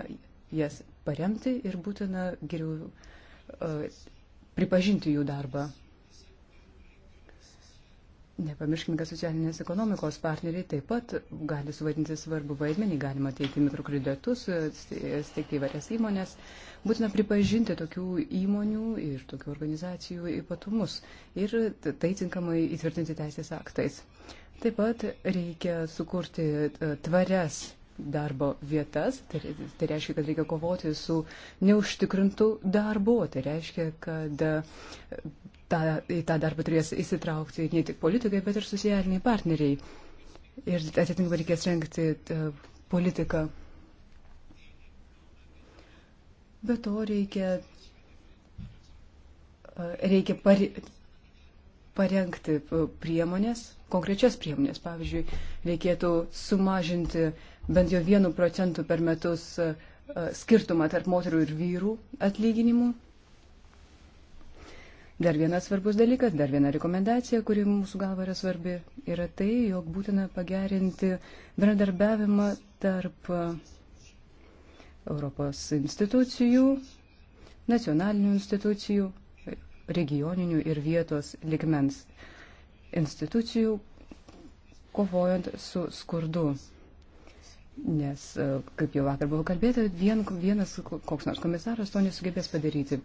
jas paremti ir būtina geriau E, pripažinti jų darbą. Nepamirškime, kad socialinės ekonomikos partneriai taip pat gali suvaidinti svarbu vaidmenį, galima teikti mikrokreditus, e, steigti įvairias įmonės. Būtina pripažinti tokių įmonių ir tokių organizacijų ypatumus ir tai tinkamai įtvirtinti teisės aktais. Taip pat reikia sukurti e, tvarias darbo vietas, tai, tai reiškia, kad reikia kovoti su neužtikrintų darbu, tai reiškia, kad e, tą, į tą darbą turės įsitraukti ne tik politikai, bet ir socialiniai partneriai. Ir atitinkamai reikės rengti e, politiką. Be to reikia, e, reikia pari, parengti priemonės, konkrečias priemonės. Pavyzdžiui, reikėtų sumažinti bent jau vienu procentu per metus e, e, skirtumą tarp moterų ir vyrų atlyginimų. Dar vienas svarbus dalykas, dar viena rekomendacija, kuri mūsų galva yra svarbi, yra tai, jog būtina pagerinti bendradarbiavimą tarp e, Europos institucijų, nacionalinių institucijų, regioninių ir vietos ligmens institucijų, kovojant su skurdu. Nes, e, kaip jau vakar buvo kalbėta, vien, vienas koks nors komisaras to nesugebės padaryti.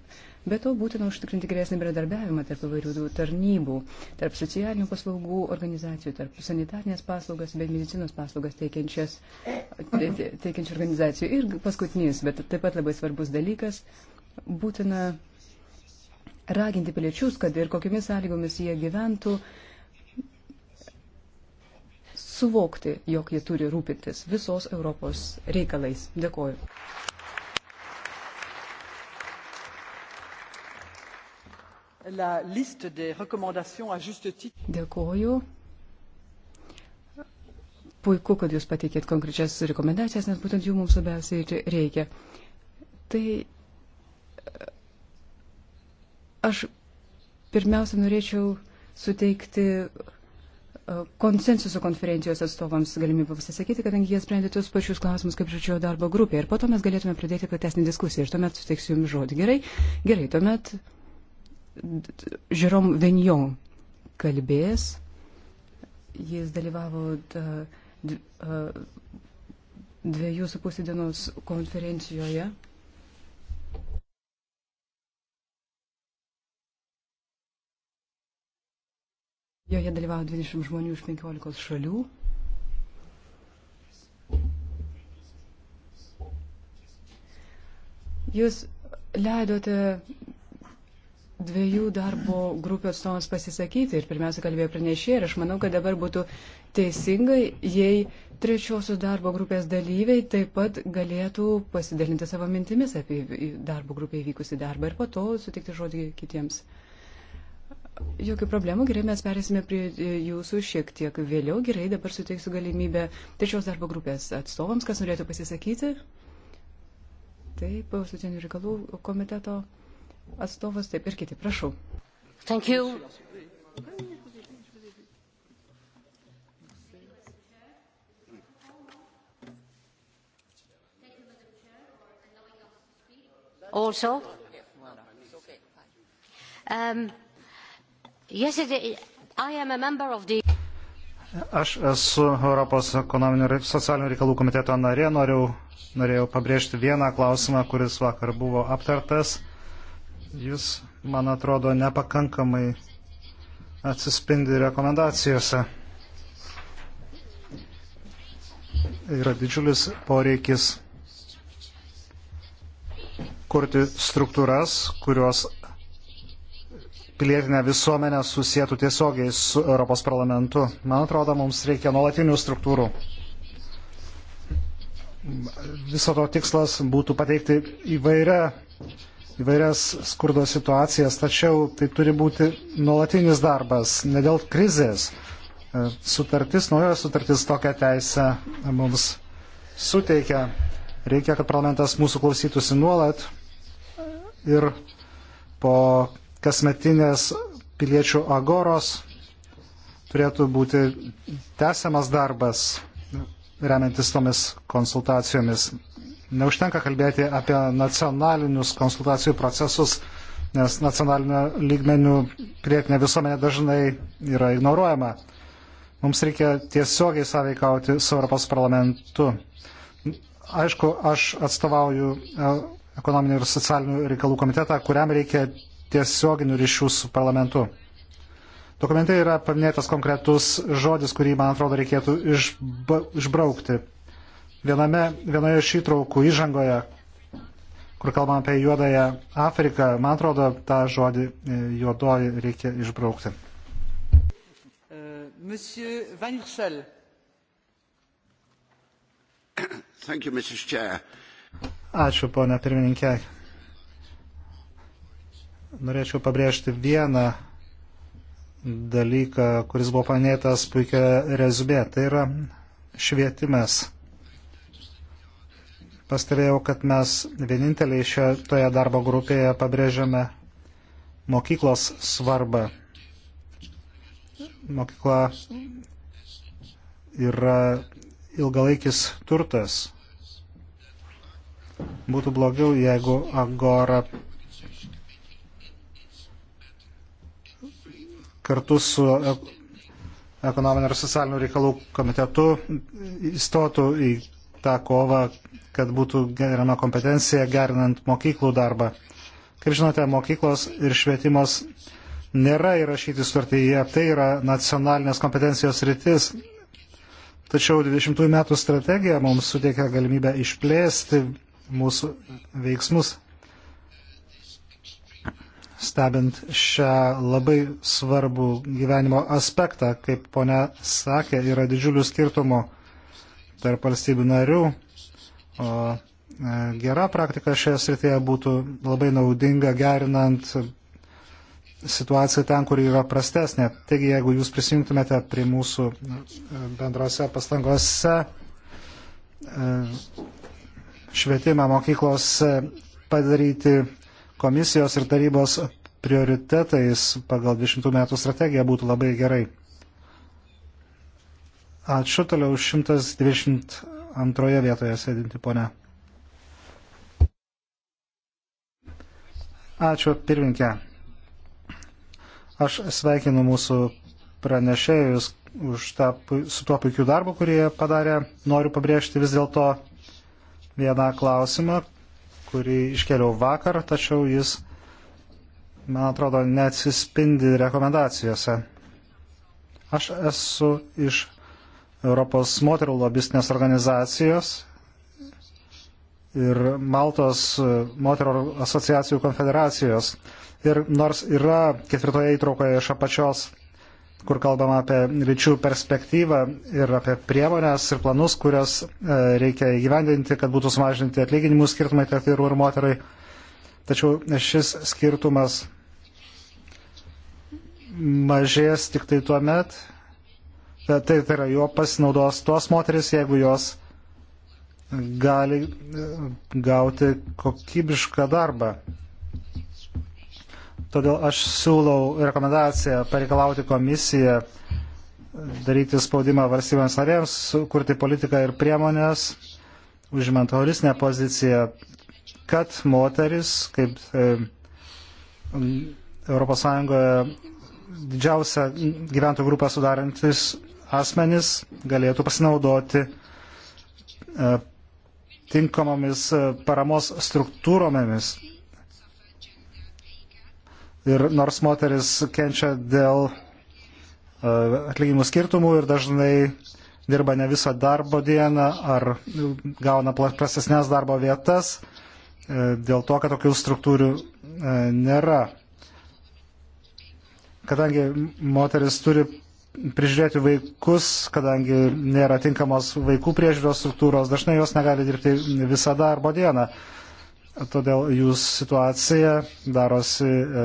Be to būtina užtikrinti geresnį bendradarbiavimą tarp įvairių tarnybų, tarp socialinių paslaugų organizacijų, tarp sanitarnės paslaugas bei medicinos paslaugas teikiančias, te, te, teikiančių organizacijų. Ir paskutinis, bet taip pat labai svarbus dalykas, būtina raginti piliečius, kad ir kokiamis sąlygomis jie gyventų, uh, suvokti, jog ji turi rūpintis visos Europos reikalais. Dėkoju. Dėkoju. Puiku, kad jūs pateikėt konkrečias rekomendacijas, nes būtent jų mums labiausiai reikia. Tai aš pirmiausia norėčiau suteikti E, konsensuso konferencijos atstovams galimybę pasisakyti, kadangi jie sprendė tuos pačius klausimus kaip žodžio darbo grupė. Ir po to mes galėtume pradėti platesnį diskusiją. Ir tuomet suteiksiu jums žodį. Gerai? Gerai, tuomet Žerom Venjo kalbės. Jis dalyvavo e, e, dviejų su pusė dienos konferencijoje. Joje dalyvavo 20 žmonių iš 15 šalių. Jūs leidote dviejų darbo grupių atstovams pasisakyti ir pirmiausia kalbėjo pranešėjai ir aš manau, kad dabar būtų teisingai, jei trečiosios darbo grupės dalyviai taip pat galėtų pasidalinti savo mintimis apie darbo grupę įvykusi darbą ir po to sutikti žodį kitiems. Uh, Jokių problemų, gerai, mes perėsime prie e, jūsų šiek tiek vėliau. Gerai, dabar suteiksiu galimybę trečios darbo grupės atstovams, kas norėtų pasisakyti. Taip, užsienio reikalų komiteto atstovas, taip ir kiti, prašau. Thank you. Also, um, Aš esu Europos ekonominio ir socialinio reikalų komiteto narė, noriu, norėjau pabrėžti vieną klausimą, kuris vakar buvo aptartas. Jis, man atrodo, nepakankamai atsispindi rekomendacijose. Yra didžiulis poreikis kurti struktūras, kurios pilietinę visuomenę susijėtų tiesiogiai su Europos parlamentu. Man atrodo, mums reikia nuolatinių struktūrų. Viso to tikslas būtų pateikti įvairia, įvairias skurdo situacijas, tačiau tai turi būti nuolatinis darbas, ne dėl krizės. Sutartis, naujoje sutartis tokią teisę mums suteikia. Reikia, kad parlamentas mūsų klausytųsi nuolat ir po kasmetinės piliečių agoros turėtų būti tęsiamas darbas, remiantis tomis konsultacijomis. Neužtenka kalbėti apie nacionalinius konsultacijų procesus, nes nacionalinio lygmenių priekinė visuomenė dažnai yra ignoruojama. Mums reikia tiesiogiai sąveikauti su Europos parlamentu. Aišku, aš atstovauju e, ekonominių ir socialinių reikalų komitetą, kuriam reikia tiesioginių ryšių su parlamentu. Dokumente yra paminėtas konkretus žodis, kurį, man atrodo, reikėtų išba, išbraukti. Viename, vienoje iš įtraukų įžangoje, kur kalbam apie juodąją Afriką, man atrodo, tą žodį e, juodoji reikia išbraukti. Euh, Ačiū, ponia pirmininkė norėčiau pabrėžti vieną dalyką, kuris buvo panėtas puikia rezumė. Tai yra švietimas. Pastebėjau, kad mes vieninteliai šio, toje darbo grupėje pabrėžiame mokyklos svarbą. Mokykla yra ilgalaikis turtas. Būtų blogiau, jeigu Agora kartu su e- ekonominio ir socialinių reikalų komitetu įstotų į tą kovą, kad būtų geriama kompetencija gerinant mokyklų darbą. Kaip žinote, mokyklos ir švietimos nėra įrašyti sutartyje, tai yra nacionalinės kompetencijos rytis. Tačiau 20 metų strategija mums suteikia galimybę išplėsti mūsų veiksmus stebint šią labai svarbų gyvenimo aspektą, kaip ponia sakė, yra didžiulių skirtumų tarp valstybių narių, o e, gera praktika šioje srityje būtų labai naudinga gerinant situaciją ten, kur yra prastesnė. Taigi, jeigu jūs prisijungtumėte prie mūsų e, bendrose pastangose e, švietimą mokyklose padaryti komisijos ir tarybos prioritetais pagal 20 metų strategiją būtų labai gerai. Ačiū toliau 122 vietoje sėdinti ponia. Ačiū pirminkė. Aš sveikinu mūsų pranešėjus už tą, su tuo puikiu darbu, kurį jie padarė. Noriu pabrėžti vis dėlto vieną klausimą, kurį iškėliau vakar, tačiau jis, man atrodo, neatsispindi rekomendacijose. Aš esu iš Europos moterų lobistinės organizacijos ir Maltos moterų asociacijų konfederacijos. Ir nors yra ketvirtoje įtraukoje iš apačios kur kalbama apie lyčių perspektyvą ir apie priemonės ir planus, kurias e, reikia įgyvendinti, kad būtų sumažinti atlyginimų skirtumai tarp vyrų ir moterai. Tačiau šis skirtumas mažės tik tai tuo met, e, tai, tai yra jo pasinaudos tos moteris, jeigu jos gali e, gauti kokybišką darbą. Todėl aš siūlau rekomendaciją pareikalauti komisiją daryti spaudimą valstybėms narėms, kurti politiką ir priemonės, užimant holistinę poziciją, kad moteris, kaip e, ES didžiausia gyventojų grupė sudarantis asmenys, galėtų pasinaudoti e, tinkamomis e, paramos struktūromis Ir nors moteris kenčia dėl e, atlyginimų skirtumų ir dažnai dirba ne visą darbo dieną ar gauna prastesnės darbo vietas e, dėl to, kad tokių struktūrių e, nėra. Kadangi moteris turi prižiūrėti vaikus, kadangi nėra tinkamos vaikų priežiūros struktūros, dažnai jos negali dirbti visą darbo dieną todėl jų situacija darosi e,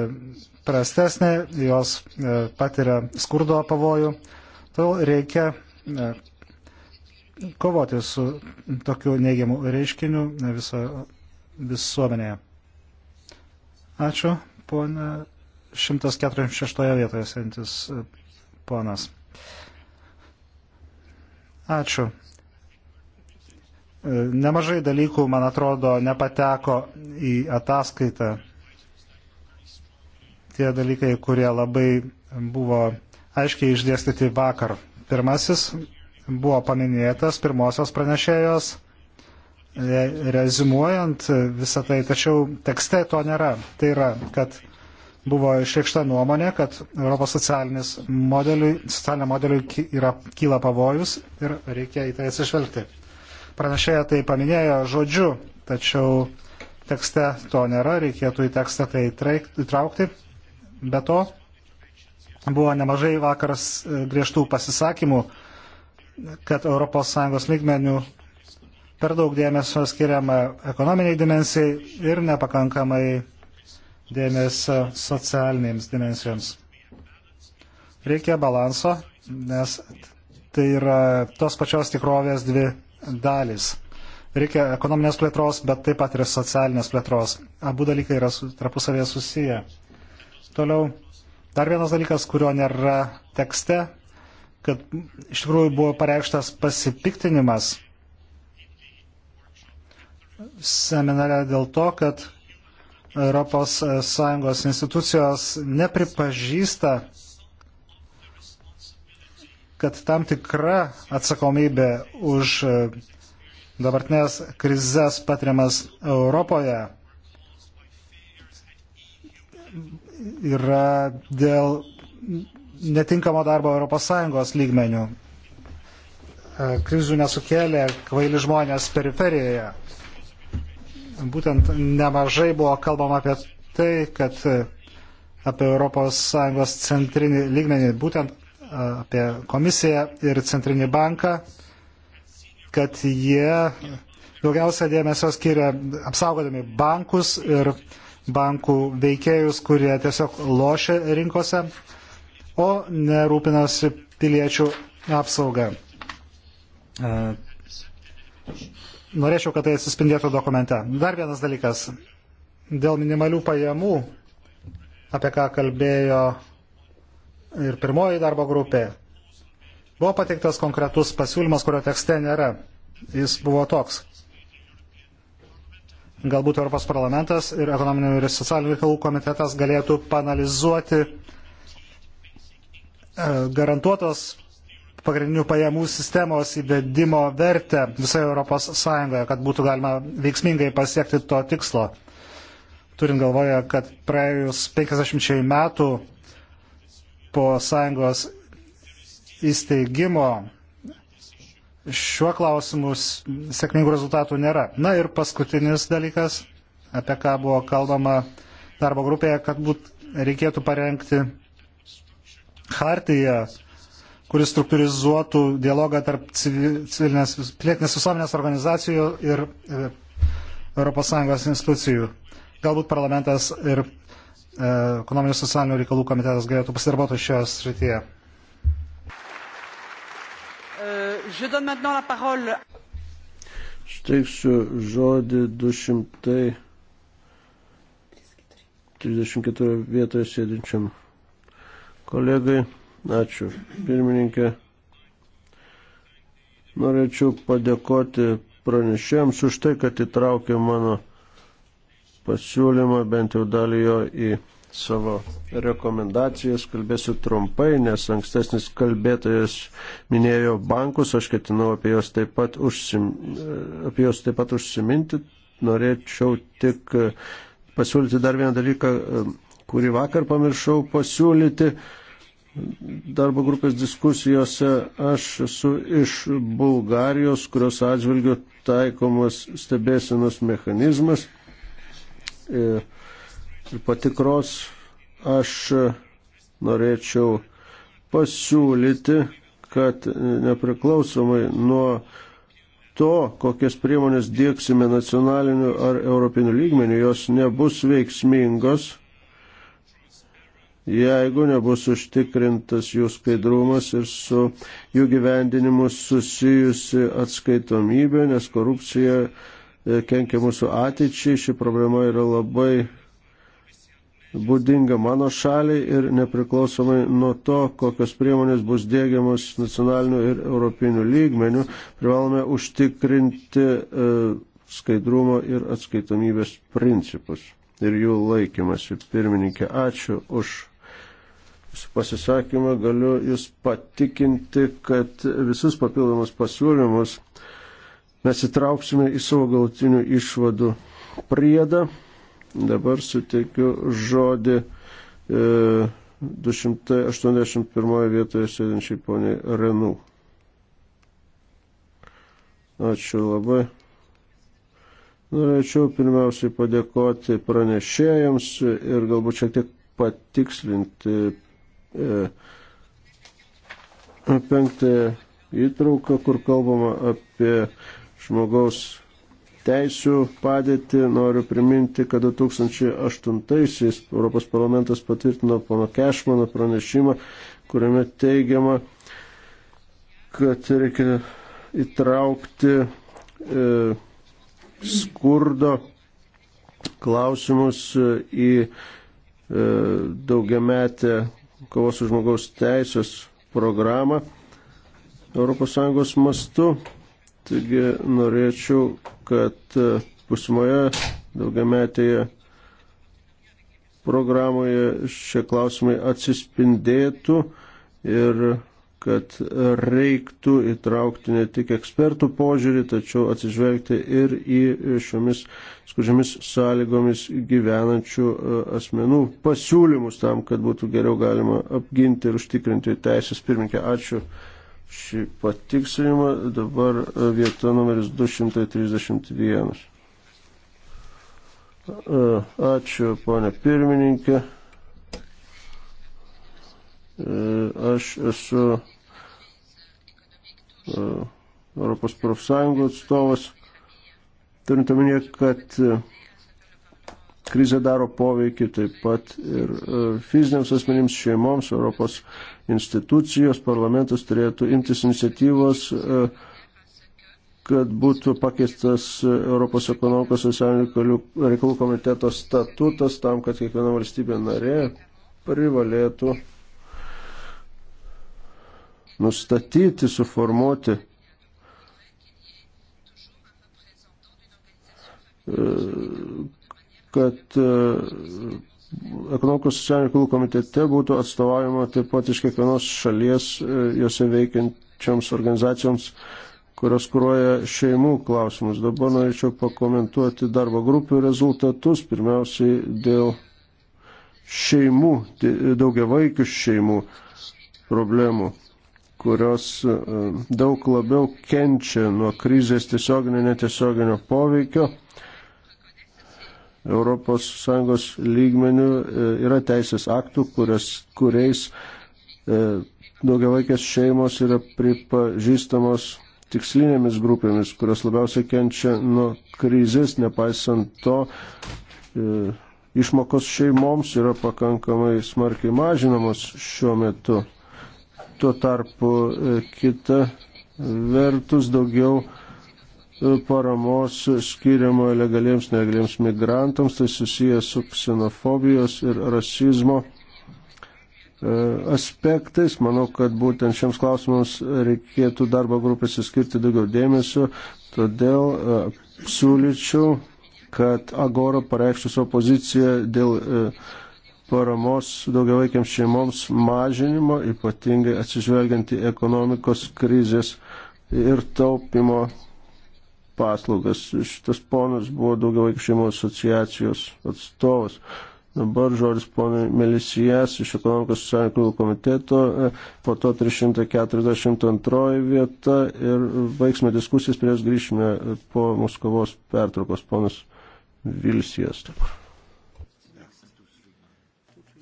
prastesnė, jos e, patiria skurdo pavojų. Todėl reikia e, kovoti su tokiu neigiamu reiškiniu viso, visuomenėje. Ačiū, ponė. 146 vietoje sentis ponas. Ačiū. E, nemažai dalykų, man atrodo, nepateko į ataskaitą. Tie dalykai, kurie labai buvo aiškiai išdėstyti vakar. Pirmasis buvo paminėtas pirmosios pranešėjos e, rezimuojant visą tai, tačiau tekste to nėra. Tai yra, kad buvo išreikšta nuomonė, kad Europos socialinis modeliui, socialiniam modeliui yra kyla pavojus ir reikia į tai atsižvelgti. Pranešėja tai paminėjo žodžiu, tačiau tekste to nėra, reikėtų į tekstą tai įtraukti. Be to, buvo nemažai vakaras e, griežtų pasisakymų, kad ES lygmenių per daug dėmesio skiriama ekonominiai dimensijai ir nepakankamai dėmesio socialinėms dimensijoms. Reikia balanso, nes tai yra tos pačios tikrovės dvi dalis. Reikia ekonominės plėtros, bet taip pat ir socialinės plėtros. Abu dalykai yra tarpusavėje susiję. Toliau, dar vienas dalykas, kurio nėra tekste, kad iš tikrųjų buvo pareikštas pasipiktinimas seminare dėl to, kad ES institucijos nepripažįsta kad tam tikra atsakomybė už e, dabartinės krizės patiriamas Europoje yra dėl netinkamo darbo ES lygmenių. E, krizių nesukėlė kvaili žmonės periferijoje. Būtent nemažai buvo kalbama apie tai, kad e, apie ES centrinį lygmenį, būtent apie komisiją ir centrinį banką, kad jie daugiausia dėmesio skiria apsaugodami bankus ir bankų veikėjus, kurie tiesiog lošia rinkose, o nerūpinasi piliečių apsauga. E, norėčiau, kad tai atsispindėtų dokumente. Dar vienas dalykas. Dėl minimalių pajamų, apie ką kalbėjo ir pirmoji darbo grupė. Buvo pateiktas konkretus pasiūlymas, kurio tekste nėra. Jis buvo toks. Galbūt Europos parlamentas ir ekonominių ir socialinių reikalų komitetas galėtų panalizuoti e, garantuotos pagrindinių pajamų sistemos įvedimo vertę visoje Europos Sąjungoje, kad būtų galima veiksmingai pasiekti to tikslo. Turint galvoje, kad praėjus 50 metų po sąjungos įsteigimo šiuo klausimu sėkmingų rezultatų nėra. Na ir paskutinis dalykas, apie ką buvo kalbama darbo grupėje, kad būt, reikėtų parengti hartiją, kuris struktūrizuotų dialogą tarp civilinės, pilietinės visuomenės organizacijų ir ES institucijų. Galbūt parlamentas ir E, ekonominių socialinių reikalų komitetas galėtų pasidarboti šioje srityje. E, Steiksiu žodį 234 vietoje sėdinčiam kolegai. Ačiū. Pirmininkė, norėčiau padėkoti pranešėjams už tai, kad įtraukė mano pasiūlymą, bent jau dalį jo į savo rekomendacijas. Kalbėsiu trumpai, nes ankstesnis kalbėtojas minėjo bankus, aš ketinau apie juos taip pat, užsim, apie juos taip pat užsiminti. Norėčiau tik pasiūlyti dar vieną dalyką, kurį vakar pamiršau pasiūlyti darbo grupės diskusijose aš esu iš Bulgarijos, kurios atžvilgių taikomas stebėsinos mechanizmas ir, e, ir patikros aš norėčiau pasiūlyti, kad nepriklausomai nuo to, kokias priemonės dėksime nacionaliniu ar europiniu lygmeniu, jos nebus veiksmingos, jeigu nebus užtikrintas jų skaidrumas ir su jų gyvendinimu susijusi atskaitomybė, nes korupcija E, kenkia mūsų ateičiai. Ši problema yra labai būdinga mano šaliai ir nepriklausomai nuo to, kokios priemonės bus dėgiamos nacionaliniu ir europiniu lygmeniu, privalome užtikrinti e, skaidrumo ir atskaitomybės principus ir jų laikymasi. Pirmininkė, ačiū už pasisakymą. Galiu Jūs patikinti, kad visus papildomus pasiūlymus mes įtrauksime į savo galutinių išvadų priedą. Dabar suteikiu žodį e, 281 vietoje sėdinčiai poniai Renų. Ačiū labai. Norėčiau pirmiausiai padėkoti pranešėjams ir galbūt šiek tiek patikslinti e, penktąją įtrauką, kur kalbama apie žmogaus teisų padėtį. Noriu priminti, kad 2008-aisiais Europos parlamentas patvirtino pono Kešmano pranešimą, kuriame teigiama, kad reikia įtraukti e, skurdo klausimus e, į e, daugiametę kovos už žmogaus teisės programą ES mastu. Taigi norėčiau, kad pusimoje e, daugiametėje programoje šie klausimai atsispindėtų ir kad reiktų įtraukti ne tik ekspertų požiūrį, tačiau atsižvelgti ir į šiomis skudžiamis sąlygomis gyvenančių e, asmenų pasiūlymus tam, kad būtų geriau galima apginti ir užtikrinti teisės pirmininkę. Ačiū šį patikslinimą. Dabar e, vieta numeris 231. E, ačiū, ponė pirmininkė. E, aš esu Europos profsąjungų atstovas. Turint omenyje, kad krizė daro poveikį taip pat ir e, fiziniams asmenims šeimoms, Europos institucijos, parlamentas turėtų imtis iniciatyvos, e, kad būtų pakeistas Europos ekonomikos socialinių reikalų komiteto statutas tam, kad kiekviena valstybė narė privalėtų nustatyti, suformuoti e, kad e, ekonomikos socialinių reikalų komitete būtų atstovaujama taip pat iš kiekvienos šalies e, juose veikiančioms organizacijoms, kurios kūruoja šeimų klausimus. Dabar norėčiau pakomentuoti darbo grupių rezultatus, pirmiausiai dėl šeimų, tai daugiavaikių šeimų problemų kurios e, daug labiau kenčia nuo krizės tiesioginio, netiesioginio poveikio ES lygmenių e, yra teisės aktų, kurias, kuriais e, daugiavaikės šeimos yra pripažįstamos tikslinėmis grupėmis, kurios labiausiai kenčia nuo krizės, nepaisant to e, išmokos šeimoms yra pakankamai smarkiai mažinamos šiuo metu. Tuo tarpu kita vertus daugiau paramos skiriamo legaliems, negaliems migrantams, tai susijęs su ksenofobijos ir rasizmo e, aspektais. Manau, kad būtent šiems klausimams reikėtų darbo grupės įskirti daugiau dėmesio, todėl e, siūlyčiau, kad Agora pareikštų savo poziciją dėl e, paramos daugiavaikiams šeimoms mažinimo, ypatingai atsižvelgiant į ekonomikos krizės ir taupimo paslaugas. Šitas ponas buvo daugiau vaikų šeimų asociacijos atstovas. Dabar žodis ponai Melisijas iš ekonomikos socialinių komiteto, po to 342 vieta ir baigsime diskusijas, prie jas grįšime po Moskavos pertraukos, ponas Vilsijas.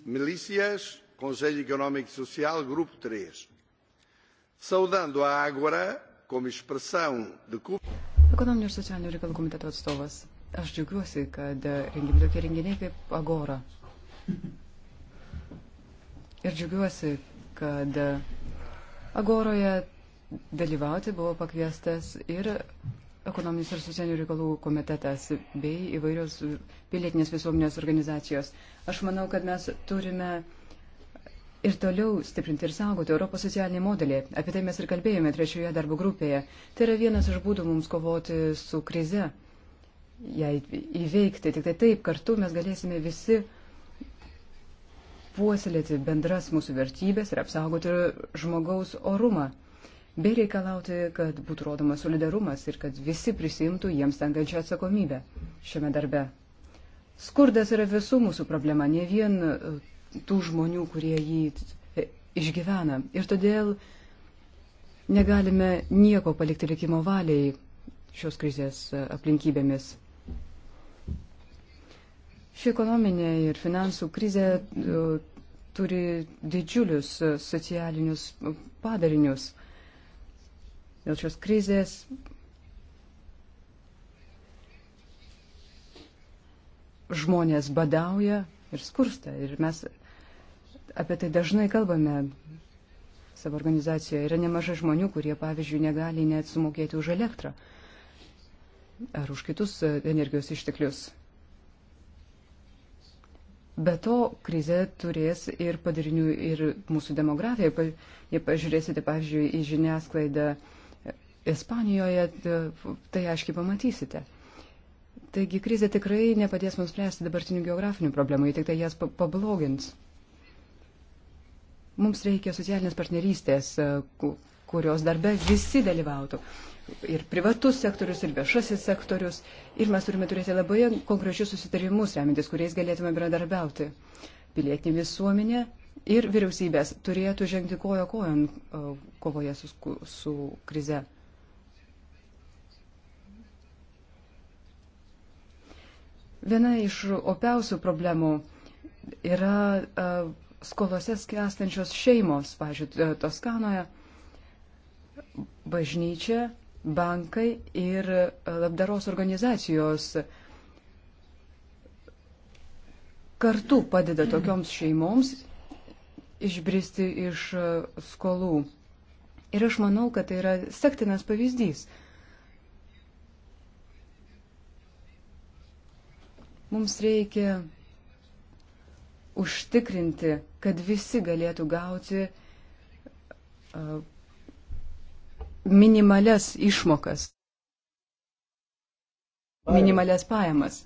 Melisijas, Conselho Econômico e Social, Grupo 3. Saudando a Ágora como expressão de Ekonominių ir socialinių reikalų komiteto atstovas. Aš džiaugiuosi, kad e, rengiami tokie renginiai kaip Agora. Ir džiaugiuosi, kad e, Agoroje dalyvauti buvo pakviestas ir ekonominis ir socialinių reikalų komitetas bei įvairios pilietinės visuomenės organizacijos. Aš manau, kad mes turime ir toliau stiprinti ir saugoti Europos socialinį modelį. Apie tai mes ir kalbėjome trečioje darbo grupėje. Tai yra vienas iš būdų mums kovoti su krize, ją įveikti. Tik tai taip kartu mes galėsime visi puoselėti bendras mūsų vertybės ir apsaugoti žmogaus orumą. Bei reikalauti, kad būtų rodomas solidarumas ir kad visi prisimtų jiems tenkančią atsakomybę šiame darbe. Skurdas yra visų mūsų problema, ne vien tų žmonių, kurie jį e, išgyvena. Ir todėl negalime nieko palikti likimo valiai šios krizės e, aplinkybėmis. Ši ekonominė ir finansų krizė e, turi didžiulius socialinius padarinius. Dėl šios krizės žmonės badauja ir skursta. Ir mes apie tai dažnai kalbame savo organizacijoje. Yra nemažai žmonių, kurie, pavyzdžiui, negali net sumokėti už elektrą ar už kitus e, energijos išteklius. Be to, krize turės ir padarinių ir mūsų demografijai. Jei pažiūrėsite, pavyzdžiui, į žiniasklaidą Ispanijoje, tai aiškiai pamatysite. Taigi krizė tikrai nepadės mums spręsti dabartinių geografinių problemų, ji tik tai jas pablogins. Mums reikia socialinės partnerystės, e, kurios darbe visi dalyvautų. Ir privatus sektorius, ir viešasis sektorius. Ir mes turime turėti labai konkrečius susitarimus, remintis, kuriais galėtume bendradarbiauti. Pilietinė visuomenė ir vyriausybės turėtų žengti kojo kojon e, kovoje su, su krize. Viena iš opiausių problemų yra uh, skolose skęstančios šeimos, pavyzdžiui, e, Toskanoje, bažnyčia, bankai ir e, labdaros organizacijos kartu padeda tokioms šeimoms išbristi iš e, skolų. Ir aš manau, kad tai yra sektinas pavyzdys. Mums reikia užtikrinti, kad visi galėtų gauti uh, minimales išmokas, minimales pajamas.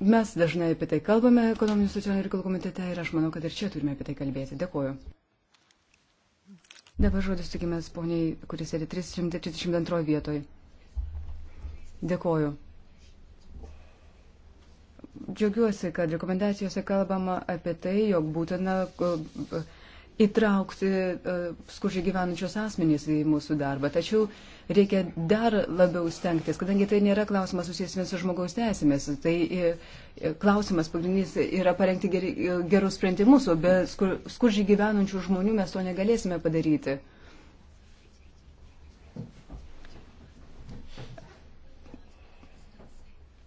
Mes dažnai apie tai kalbame ekonominių socialinių reikalų komitete ir aš manau, kad ir čia turime apie tai kalbėti. Dėkuoju. Dabar žodis tikimės poniai, kuris yra 332 vietoj. Dėkuoju. Džiaugiuosi, kad rekomendacijose kalbama apie tai, jog būtina įtraukti e, skurdžiai gyvenančios asmenys į mūsų darbą. Tačiau reikia dar labiau stengtis, kadangi tai nėra klausimas susijęs vien su žmogaus teisėmis. Tai e, klausimas pagrindinis yra parengti gerus sprendimus, o be skurdžiai gyvenančių žmonių mes to negalėsime padaryti.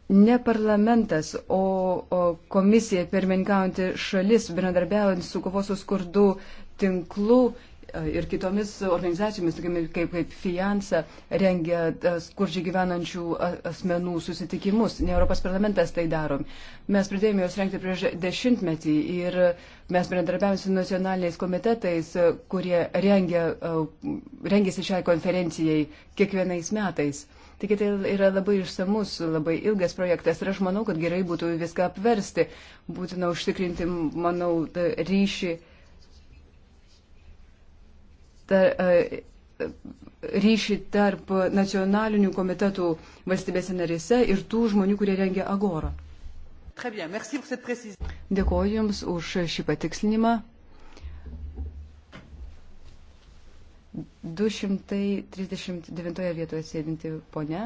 ne parlamentas, o, o komisija pirmininkaujanti šalis, bendradarbiaujant su kovos su skurdu tinklu e, ir kitomis organizacijomis, tokiamis kaip, kaip Fiansa, rengia e, skurdžiai gyvenančių asmenų susitikimus. Ne Europos parlamentas tai darom. Mes pradėjome juos rengti prieš dešimtmetį ir mes bendradarbiavame su nacionaliniais komitetais, e, kurie rengia, rengiasi šiai konferencijai kiekvienais metais. Taigi tai yra labai išsamus, labai ilgas projektas ir aš manau, kad gerai būtų viską apversti. Būtina užtikrinti, manau, ryšį. Ta, e, ryšį tarp nacionalinių komitetų valstybėse narėse ir tų žmonių, kurie rengia agorą. Dėkoju Jums už šį patikslinimą. 239 vietoje sėdinti ponia.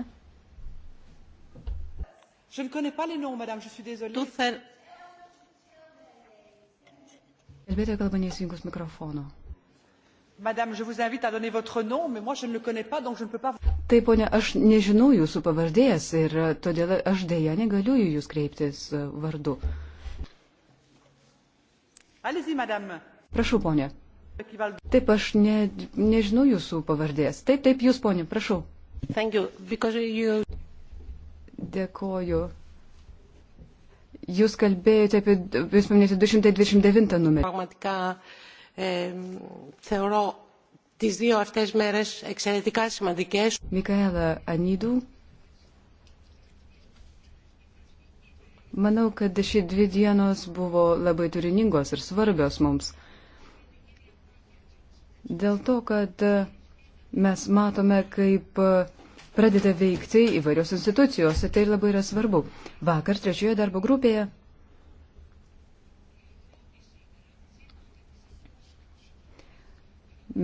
Je ne connais pas les noms, madame, je suis désolée. Tufer. Kalbėtoja kalba neįsijungus mikrofono. Madame, je vous invite à donner votre nom, mais moi je ne le connais pas, donc je ne peux pas. Taip, ponia, aš nežinau jūsų pavardės ir e, todėl aš dėja negaliu į jūs kreiptis e, vardu. Allez-y, madame. Prašau, ponia. Taip, aš ne, nežinau jūsų pavardės. Taip, taip, jūs, ponė, prašau. You, you... Dėkoju. Jūs kalbėjote apie, jūs paminėjote 229 numerį. Mikaela Anydų. Manau, kad ši dvi dienos buvo labai turiningos ir svarbios mums. Dėl to, kad e, mes matome, kaip e, pradeda veikti įvairios institucijos, tai labai yra svarbu. Vakar trečioje darbo grupėje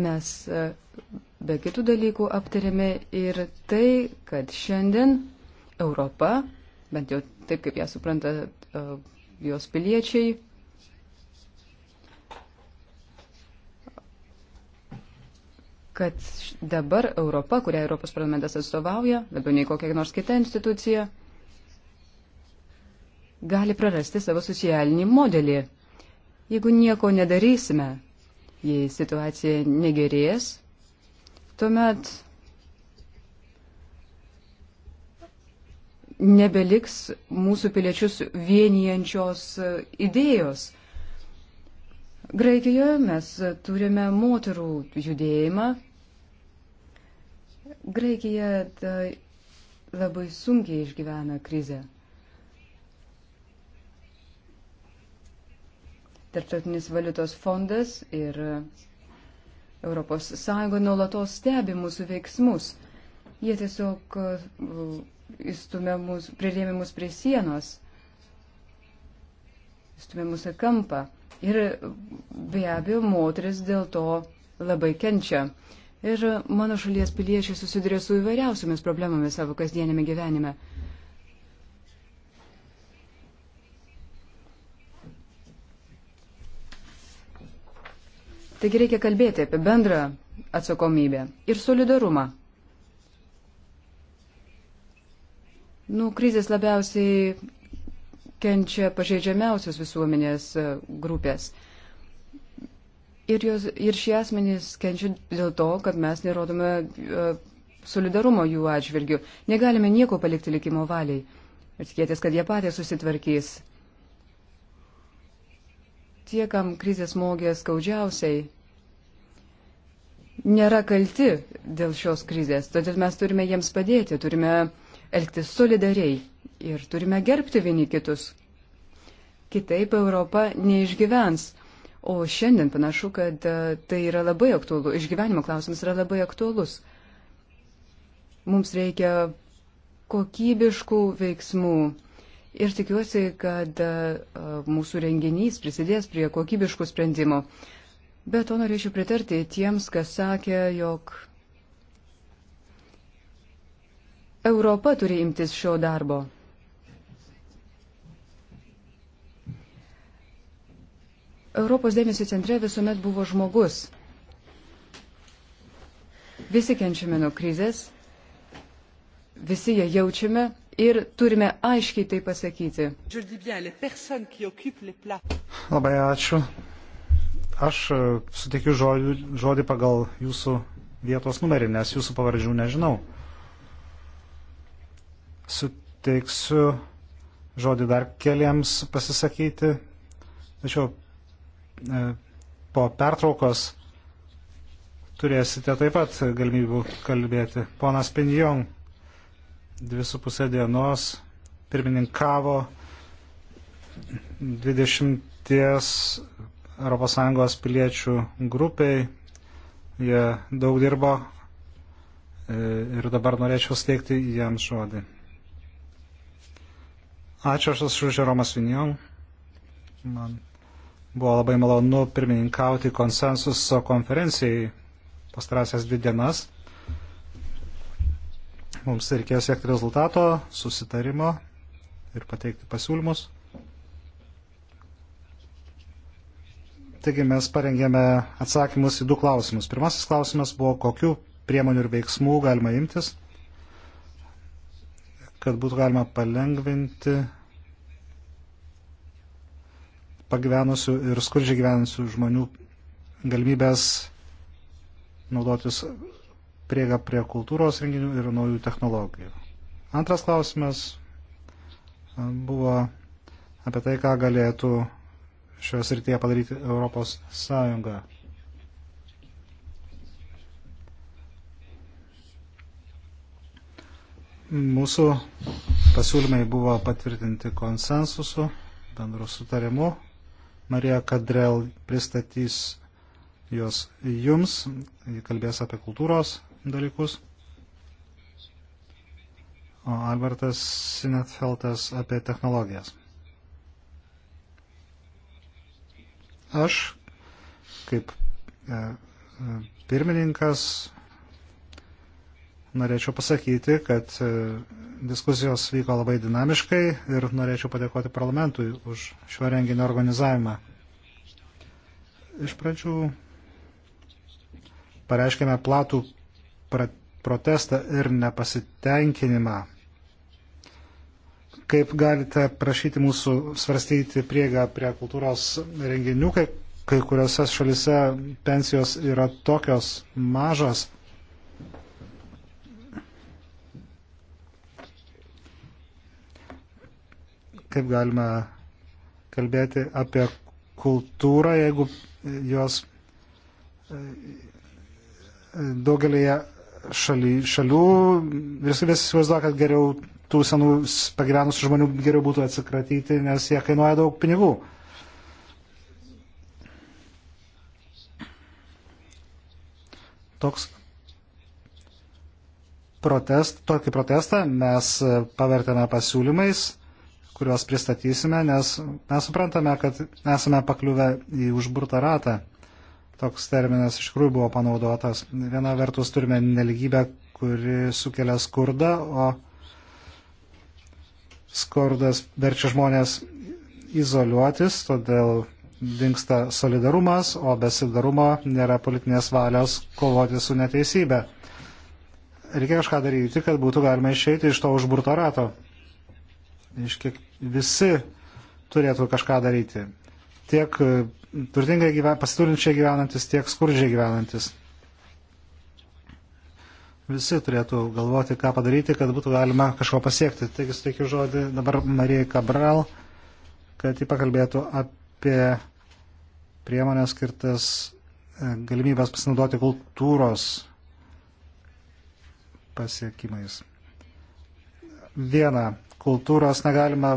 mes e, be kitų dalykų aptarėme ir tai, kad šiandien Europa, bent jau taip kaip ją supranta jos piliečiai, kad dabar Europa, kurią Europos parlamentas atstovauja, labiau nei kokia nors kita institucija, gali prarasti savo socialinį modelį. Jeigu nieko nedarysime, jei situacija negerės, tuomet nebeliks mūsų piliečius vienijančios idėjos – Graikijoje mes turime moterų judėjimą. Graikija tai labai sunkiai išgyvena krizę. Tarptautinis valiutos fondas ir Europos Sąjunga nuolatos stebi mūsų veiksmus. Jie tiesiog uh, įstumė mus, prirėmė mus prie sienos, įstumė mus į kampą. Ir be abejo, moteris dėl to labai kenčia. Ir mano šalies piliečiai susiduria su įvairiausiamis problemomis savo kasdienėme gyvenime. Taigi reikia kalbėti apie bendrą atsakomybę ir solidarumą. Nu, krizės labiausiai kenčia pažeidžiamiausios visuomenės e, grupės. Ir, jos, ir šie asmenys kenčia dėl to, kad mes nerodome e, solidarumo jų atžvilgių. Negalime nieko palikti likimo valiai ir tikėtis, kad jie patys susitvarkys. Tie, kam krizės smogė skaudžiausiai, nėra kalti dėl šios krizės, todėl mes turime jiems padėti, turime elgtis solidariai ir turime gerbti vieni kitus. Kitaip Europa neišgyvens. O šiandien panašu, kad e, tai yra labai aktualu, išgyvenimo klausimas yra labai aktualus. Mums reikia kokybiškų veiksmų. Ir tikiuosi, kad e, mūsų renginys prisidės prie kokybiškų sprendimų. Bet to norėčiau pritarti tiems, kas sakė, jog Europa turi imtis šio darbo. Europos dėmesio centre visuomet buvo žmogus. Visi kenčiame nuo krizės, visi ją jaučiame ir turime aiškiai tai pasakyti. Labai ačiū. Aš e, suteikiu žodį, žodį pagal jūsų vietos numerį, nes jūsų pavardžių nežinau. Suteiksiu žodį dar keliams pasisakyti, tačiau E, po pertraukos turėsite taip pat galimybių kalbėti. Ponas Pinjong dvi su pusė dienos pirmininkavo 20 ES piliečių grupiai. Jie daug dirbo e, ir dabar norėčiau steigti jiems žodį. Ačiū, aš esu Žeromas Vinjon. Man Buvo labai malonu pirmininkauti konsensuso konferencijai pastarąsias dvi dienas. Mums reikėjo siekti rezultato, susitarimo ir pateikti pasiūlymus. Taigi mes parengėme atsakymus į du klausimus. Pirmasis klausimas buvo, kokiu priemonių ir veiksmų galima imtis, kad būtų galima palengvinti pagyvenusių ir skurdžiai gyvenusių žmonių galimybės naudotis priega prie kultūros renginių ir naujų technologijų. Antras klausimas buvo apie tai, ką galėtų šioje srityje padaryti Europos Sąjunga. Mūsų pasiūlymai buvo patvirtinti konsensusu, bendru sutarimu Marija Kadrel pristatys juos jums, ji kalbės apie kultūros dalykus, o Albertas Sinetfeltas apie technologijas. Aš, kaip e, e, pirmininkas, norėčiau pasakyti, kad e, diskusijos vyko labai dinamiškai ir norėčiau padėkoti parlamentui už šio renginio organizavimą. Iš pradžių pareiškėme platų protestą ir nepasitenkinimą. Kaip galite prašyti mūsų svarstyti prieigą prie kultūros renginių, kai, kai kuriuose šalise pensijos yra tokios mažos, kaip galima kalbėti apie kultūrą, jeigu jos e, e, daugelėje šaly, šalių vyriausybės įsivaizduoja, kad geriau tų senų pagyvenusių žmonių geriau būtų atsikratyti, nes jie kainuoja daug pinigų. Toks protest, tokį protestą mes pavertėme pasiūlymais kuriuos pristatysime, nes mes suprantame, kad esame pakliuvę į užburtą ratą. Toks terminas iš tikrųjų buvo panaudotas. Viena vertus turime neligybę, kuri sukelia skurdą, o skurdas verčia žmonės izoliuotis, todėl dinksta solidarumas, o be solidarumo nėra politinės valios kovoti su neteisybė. Reikia kažką daryti, kad būtų galima išeiti iš to užburto rato iš kiek visi turėtų kažką daryti. Tiek e, turtingai gyven, pasiturinčiai gyvenantis, tiek skurdžiai gyvenantis. Visi turėtų galvoti, ką padaryti, kad būtų galima kažko pasiekti. Taigi suteikiu žodį dabar Marijai Kabral, kad ji pakalbėtų apie priemonės skirtas e, galimybės pasinaudoti kultūros pasiekimais. Viena, kultūros negalima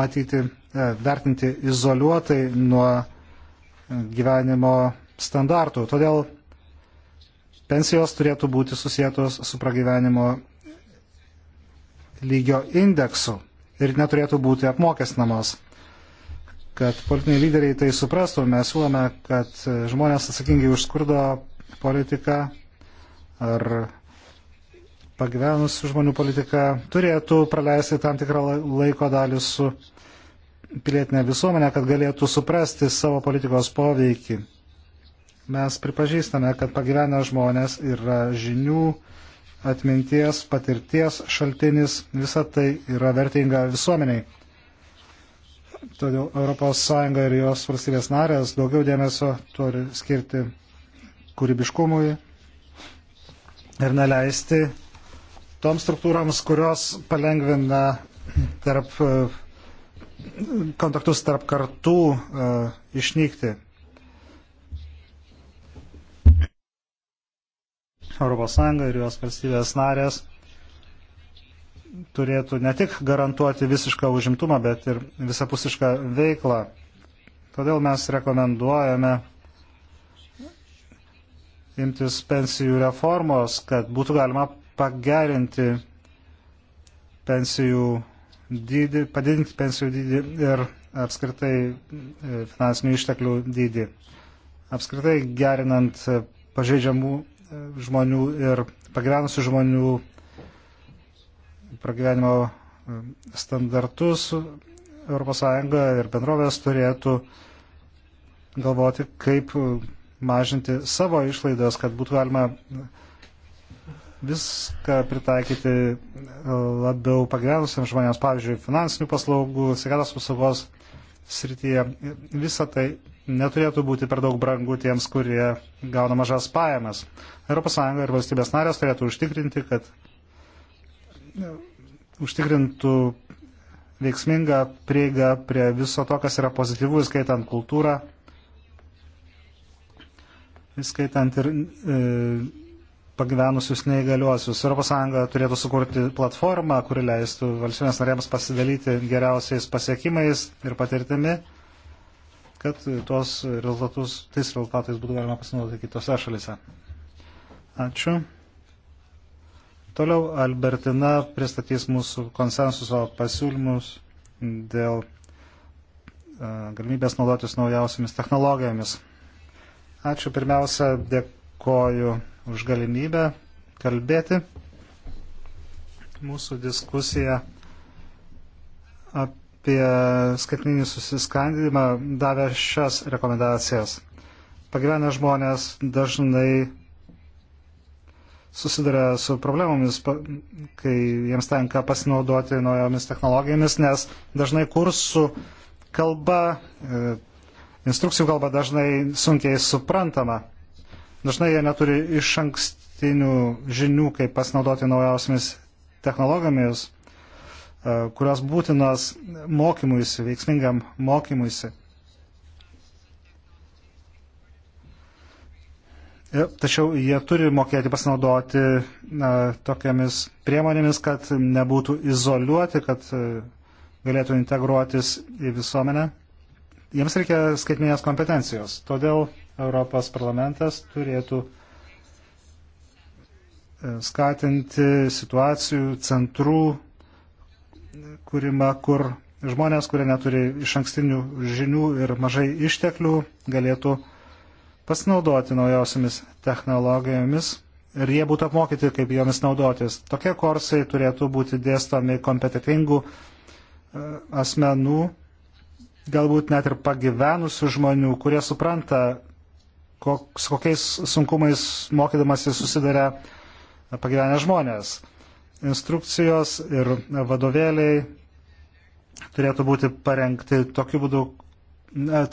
matyti, e, vertinti izoliuotai nuo gyvenimo standartų. Todėl pensijos turėtų būti susijėtos su pragyvenimo lygio indeksu ir neturėtų būti apmokestinamos. Kad politiniai lyderiai tai suprastų, mes siūlome, kad žmonės atsakingi už skurdo politiką ar pagyvenusių žmonių politika turėtų praleisti tam tikrą laiko dalį su pilietinė visuomenė, kad galėtų suprasti savo politikos poveikį. Mes pripažįstame, kad pagyvenę žmonės yra žinių, atminties, patirties šaltinis, visa tai yra vertinga visuomeniai. Todėl ES ir jos valstybės narės daugiau dėmesio turi skirti kūrybiškumui ir neleisti toms struktūroms, kurios palengvina tarp, kontaktus tarp kartų uh, išnykti. ES ir jos valstybės narės turėtų ne tik garantuoti visišką užimtumą, bet ir visapusišką veiklą. Todėl mes rekomenduojame imtis pensijų reformos, kad būtų galima pagerinti pensijų dydį, padidinti pensijų dydį ir apskritai e, finansinių išteklių dydį. Apskritai gerinant e, pažeidžiamų e, žmonių ir pagyvenusių žmonių pragyvenimo standartus ES ir bendrovės turėtų galvoti, kaip mažinti savo išlaidas, kad būtų galima viską pritaikyti e, labiau pagyvenusiam žmonėms, pavyzdžiui, finansinių paslaugų, sveikatos apsaugos srityje. Visa tai neturėtų būti per daug brangu tiems, kurie gauna mažas pajamas. ES ir valstybės narės turėtų užtikrinti, kad e, užtikrintų veiksmingą prieigą prie viso to, kas yra pozityvų, įskaitant kultūrą, įskaitant ir e, pagyvenusius neįgaliuosius. Europos Sąjunga turėtų sukurti platformą, kuri leistų valstybės narėms pasidalyti geriausiais pasiekimais ir patirtimi, kad tuos rezultatus, tais rezultatais būtų galima pasinaudoti kitose šalise. Ačiū. Toliau Albertina pristatys mūsų konsensuso pasiūlymus dėl e, galimybės naudotis naujausiamis technologijomis. Ačiū pirmiausia, dėkoju už galimybę kalbėti. Mūsų diskusija apie skaitinį susiskandimą davė šias rekomendacijas. Pagyvenę žmonės dažnai susiduria su problemomis, kai jiems tenka pasinaudoti naujomis technologijomis, nes dažnai kursų kalba, e, instrukcijų kalba dažnai sunkiai suprantama. Dažnai jie neturi iš ankstinių žinių, kaip pasinaudoti naujausiamis technologijomis, e, kurios būtinos mokymuisi, veiksmingam mokymuisi. E, tačiau jie turi mokėti pasinaudoti na, tokiamis priemonėmis, kad nebūtų izoliuoti, kad e, galėtų integruotis į visuomenę. Jiems reikia skaitminės kompetencijos. Todėl Europos parlamentas turėtų e, skatinti situacijų centrų kūrimą, kur žmonės, kurie neturi iš ankstinių žinių ir mažai išteklių, galėtų pasinaudoti naujausiamis technologijomis ir jie būtų apmokyti, kaip jomis naudotis. Tokie kursai turėtų būti dėstomi kompetitingų e, asmenų, galbūt net ir pagyvenusių žmonių, kurie supranta, koks, kokiais sunkumais mokydamasi susidarė pagyvenę žmonės. Instrukcijos ir vadovėliai turėtų būti parengti tokiu būdu,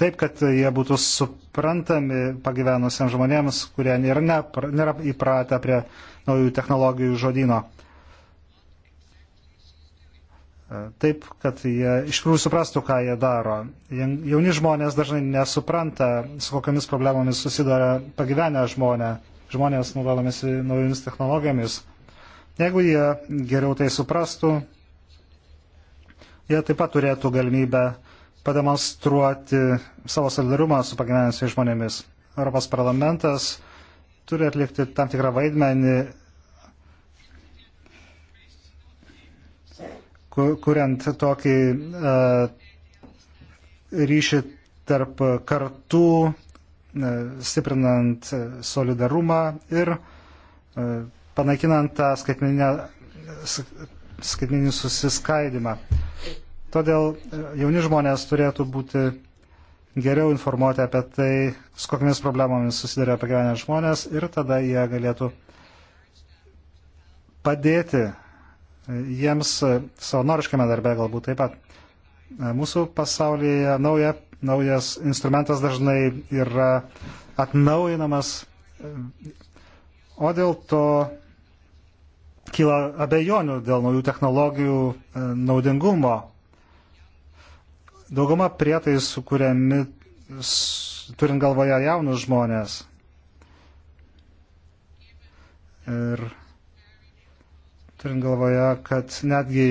taip, kad jie būtų suprantami pagyvenusiems žmonėms, kurie nėra, nėra įpratę prie naujų technologijų žodino. E, taip, kad jie iš tikrųjų suprastų, ką jie daro. Jauni žmonės dažnai nesupranta, su kokiamis problemomis susiduria pagyvenę žmonė, žmonės naudodamis naujomis technologijomis. Jeigu jie geriau tai suprastų, jie taip pat turėtų galimybę pademonstruoti savo solidarumą su pagyvenusiais žmonėmis. Europos parlamentas turi atlikti tam tikrą vaidmenį kuriant tokį e, ryšį tarp kartų, e, stiprinant solidarumą ir e, panaikinant tą skaitmeninį susiskaidimą. Todėl jauni žmonės turėtų būti geriau informuoti apie tai, su kokiamis problemomis susiduria pagyvenę žmonės ir tada jie galėtų padėti jiems e, savanoriškame darbe galbūt taip pat. E, mūsų pasaulyje nauja, naujas instrumentas dažnai yra atnaujinamas, e, o dėl to kyla abejonių dėl naujų technologijų naudingumo. Dauguma prietaisų kuriami turint galvoje jaunus žmonės. Ir turint galvoje, kad netgi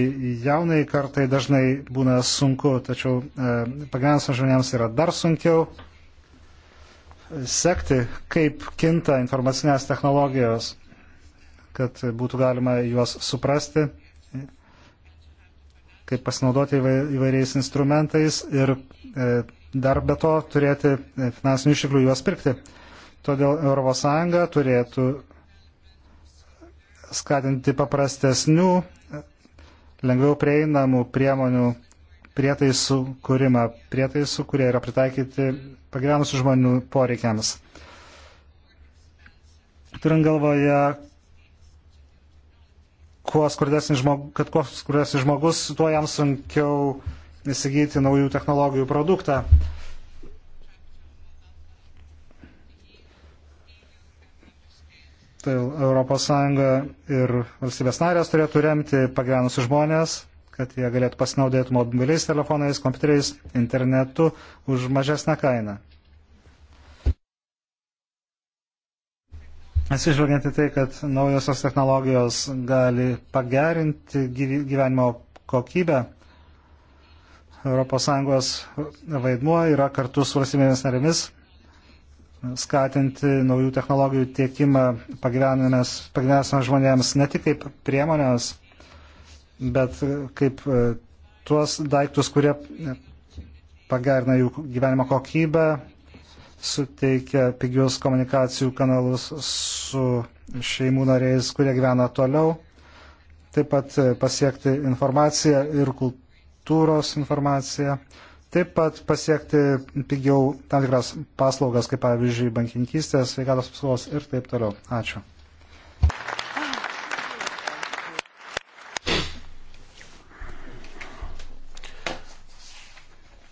jaunai kartai dažnai būna sunku, tačiau e, pagyvenusiems žmonėms yra dar sunkiau sekti, kaip kinta informacinės technologijos, kad būtų galima juos suprasti, kaip pasinaudoti įvairiais instrumentais ir e, dar be to turėti e, finansinių išteklių juos pirkti. Todėl ES turėtų skatinti paprastesnių, lengviau prieinamų priemonių prietaisų kūrimą, prietaisų, kurie yra pritaikyti pagyvenusių žmonių poreikiams. Turint galvoje, kuo žmogus, kad kuo skurdesnis žmogus, tuo jam sunkiau įsigyti naujų technologijų produktą. Tai ES ir valstybės narės turėtų remti pagyvenusius žmonės, kad jie galėtų pasinaudėti mobiliais telefonais, kompiuteriais, internetu už mažesnę kainą. Atsižvelgiant į tai, kad naujosios technologijos gali pagerinti gyvenimo kokybę, ES vaidmuo yra kartu su valstybėmis narėmis skatinti naujų technologijų tiekimą pagyvenęs žmonėms ne tik kaip priemonės, bet kaip e, tuos daiktus, kurie pagerina jų gyvenimo kokybę, suteikia pigius komunikacijų kanalus su šeimų nariais, kurie gyvena toliau, taip pat e, pasiekti informaciją ir kultūros informaciją, Taip pat pasiekti pigiau tam tikras paslaugas, kaip pavyzdžiui, bankininkystės, sveikatos apsaugos ir taip toliau. Ačiū.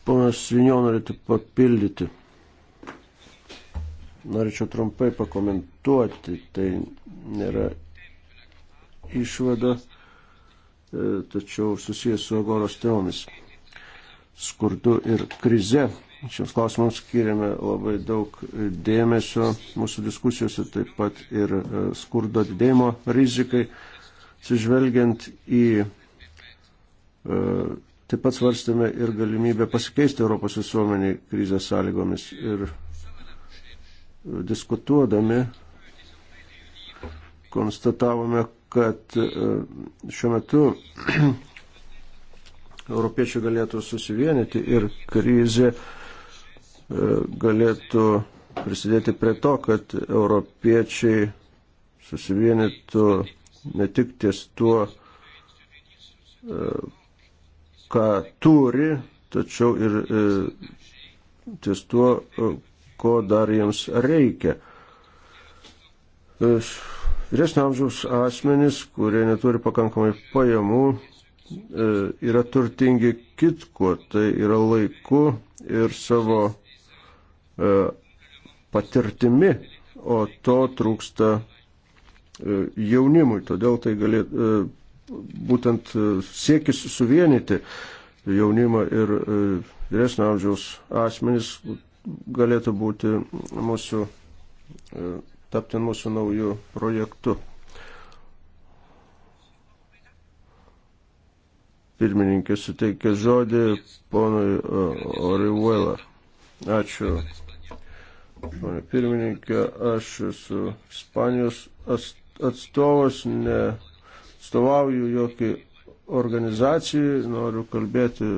Ponas Vinio norėtų papildyti. Norėčiau trumpai pakomentuoti, tai nėra išvada, e, tačiau susijęs su agoros teomis skurdu ir krize. Šiems klausimams skiriame labai daug dėmesio mūsų diskusijose, taip pat ir e, skurdo didėjimo rizikai. Atsižvelgiant į, e, taip pat svarstėme ir galimybę pasikeisti Europos visuomeniai krizės sąlygomis ir e, diskutuodami konstatavome, kad šiuo metu europiečiai galėtų susivienyti ir krizė e, galėtų prisidėti prie to, kad europiečiai susivienytų ne tik ties tuo, e, ką turi, tačiau ir e, ties tuo, ko dar jiems reikia. Vyresnio amžiaus asmenys, kurie neturi pakankamai pajamų, E, yra turtingi kitkuo, tai yra laiku ir savo e, patirtimi, o to trūksta e, jaunimui. Todėl tai galėtų būtent siekis suvienyti jaunimą ir vyresnio amžiaus asmenys galėtų būti mūsų, tapti mūsų naujų projektų. pirmininkė suteikė žodį ponui Oriuela. Ačiū. Pane pirmininkė, aš esu Ispanijos atstovas, ne atstovauju jokį organizacijai, noriu kalbėti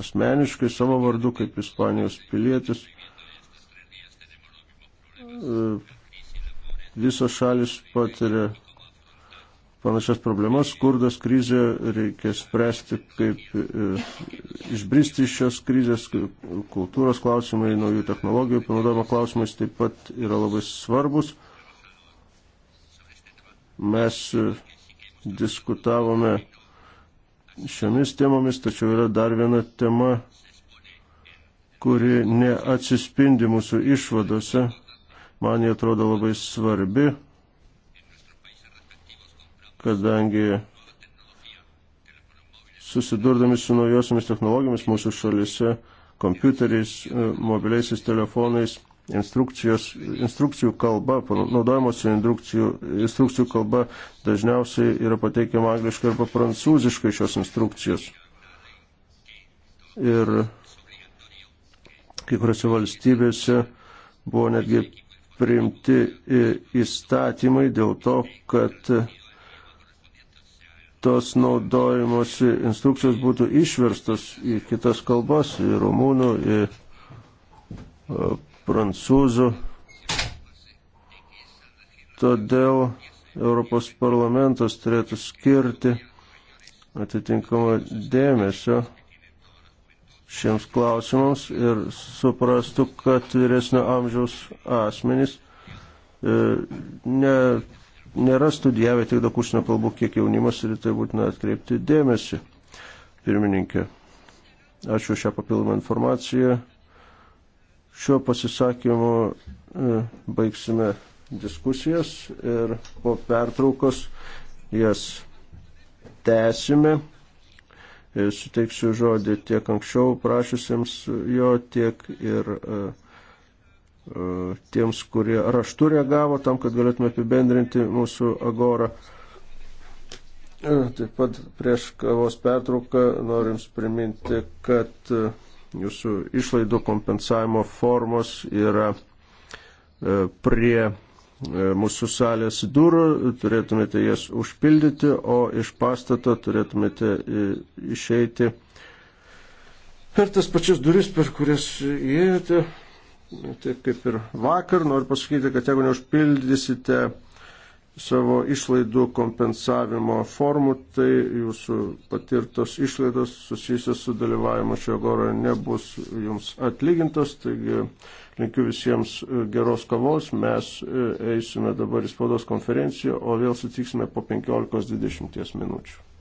asmeniškai savo vardu kaip Ispanijos pilietis. E, visos šalis patiria panašias problemas, skurdas, krizė, reikia spręsti, kaip e, išbristi iš šios krizės, kultūros klausimai, naujų technologijų panaudojimo klausimais taip pat yra labai svarbus. Mes e, diskutavome šiomis temomis, tačiau yra dar viena tema, kuri neatsispindi mūsų išvadose. Man jie atrodo labai svarbi, kadangi susidurdami su naujosiamis technologijomis mūsų šalise, kompiuteriais, e, mobiliaisiais telefonais, instrukcijų kalba, naudojamos instrukcijų, instrukcijų kalba dažniausiai yra pateikiama angliškai arba prancūziškai šios instrukcijos. Ir kai kuriuose valstybėse buvo netgi priimti e, įstatymai dėl to, kad tos naudojimosi instrukcijos būtų išverstos į kitas kalbas, į rumūnų, į e, prancūzų. Todėl Europos parlamentas turėtų skirti atitinkamą dėmesio šiems klausimams ir suprastų, kad vyresnio amžiaus asmenys e, ne nėra studijavę tiek daug užsienio kalbų, kiek jaunimas ir tai būtina atkreipti dėmesį. Pirmininkė, ačiū šią papildomą informaciją. Šiuo pasisakymu e, baigsime diskusijas ir po pertraukos jas tęsime. E, suteiksiu žodį tiek anksčiau prašysiems jo, tiek ir uh, E, tiems, kurie raštu reagavo, tam, kad galėtume apibendrinti mūsų agorą. E, taip pat prieš kavos pertrauką norim priminti, kad e, jūsų išlaidų kompensavimo formos yra prie mūsų salės durų, turėtumėte jas užpildyti, o iš pastato turėtumėte išeiti per tas pačias duris, per kurias įėjote taip kaip ir vakar. Noriu pasakyti, kad jeigu neužpildysite savo išlaidų kompensavimo formų, tai jūsų patirtos išlaidos susijusios su dalyvavimu šio goro nebus jums atlygintos. Taigi linkiu visiems geros kavos. Mes eisime dabar į spaudos konferenciją, o vėl sutiksime po 15-20 minučių.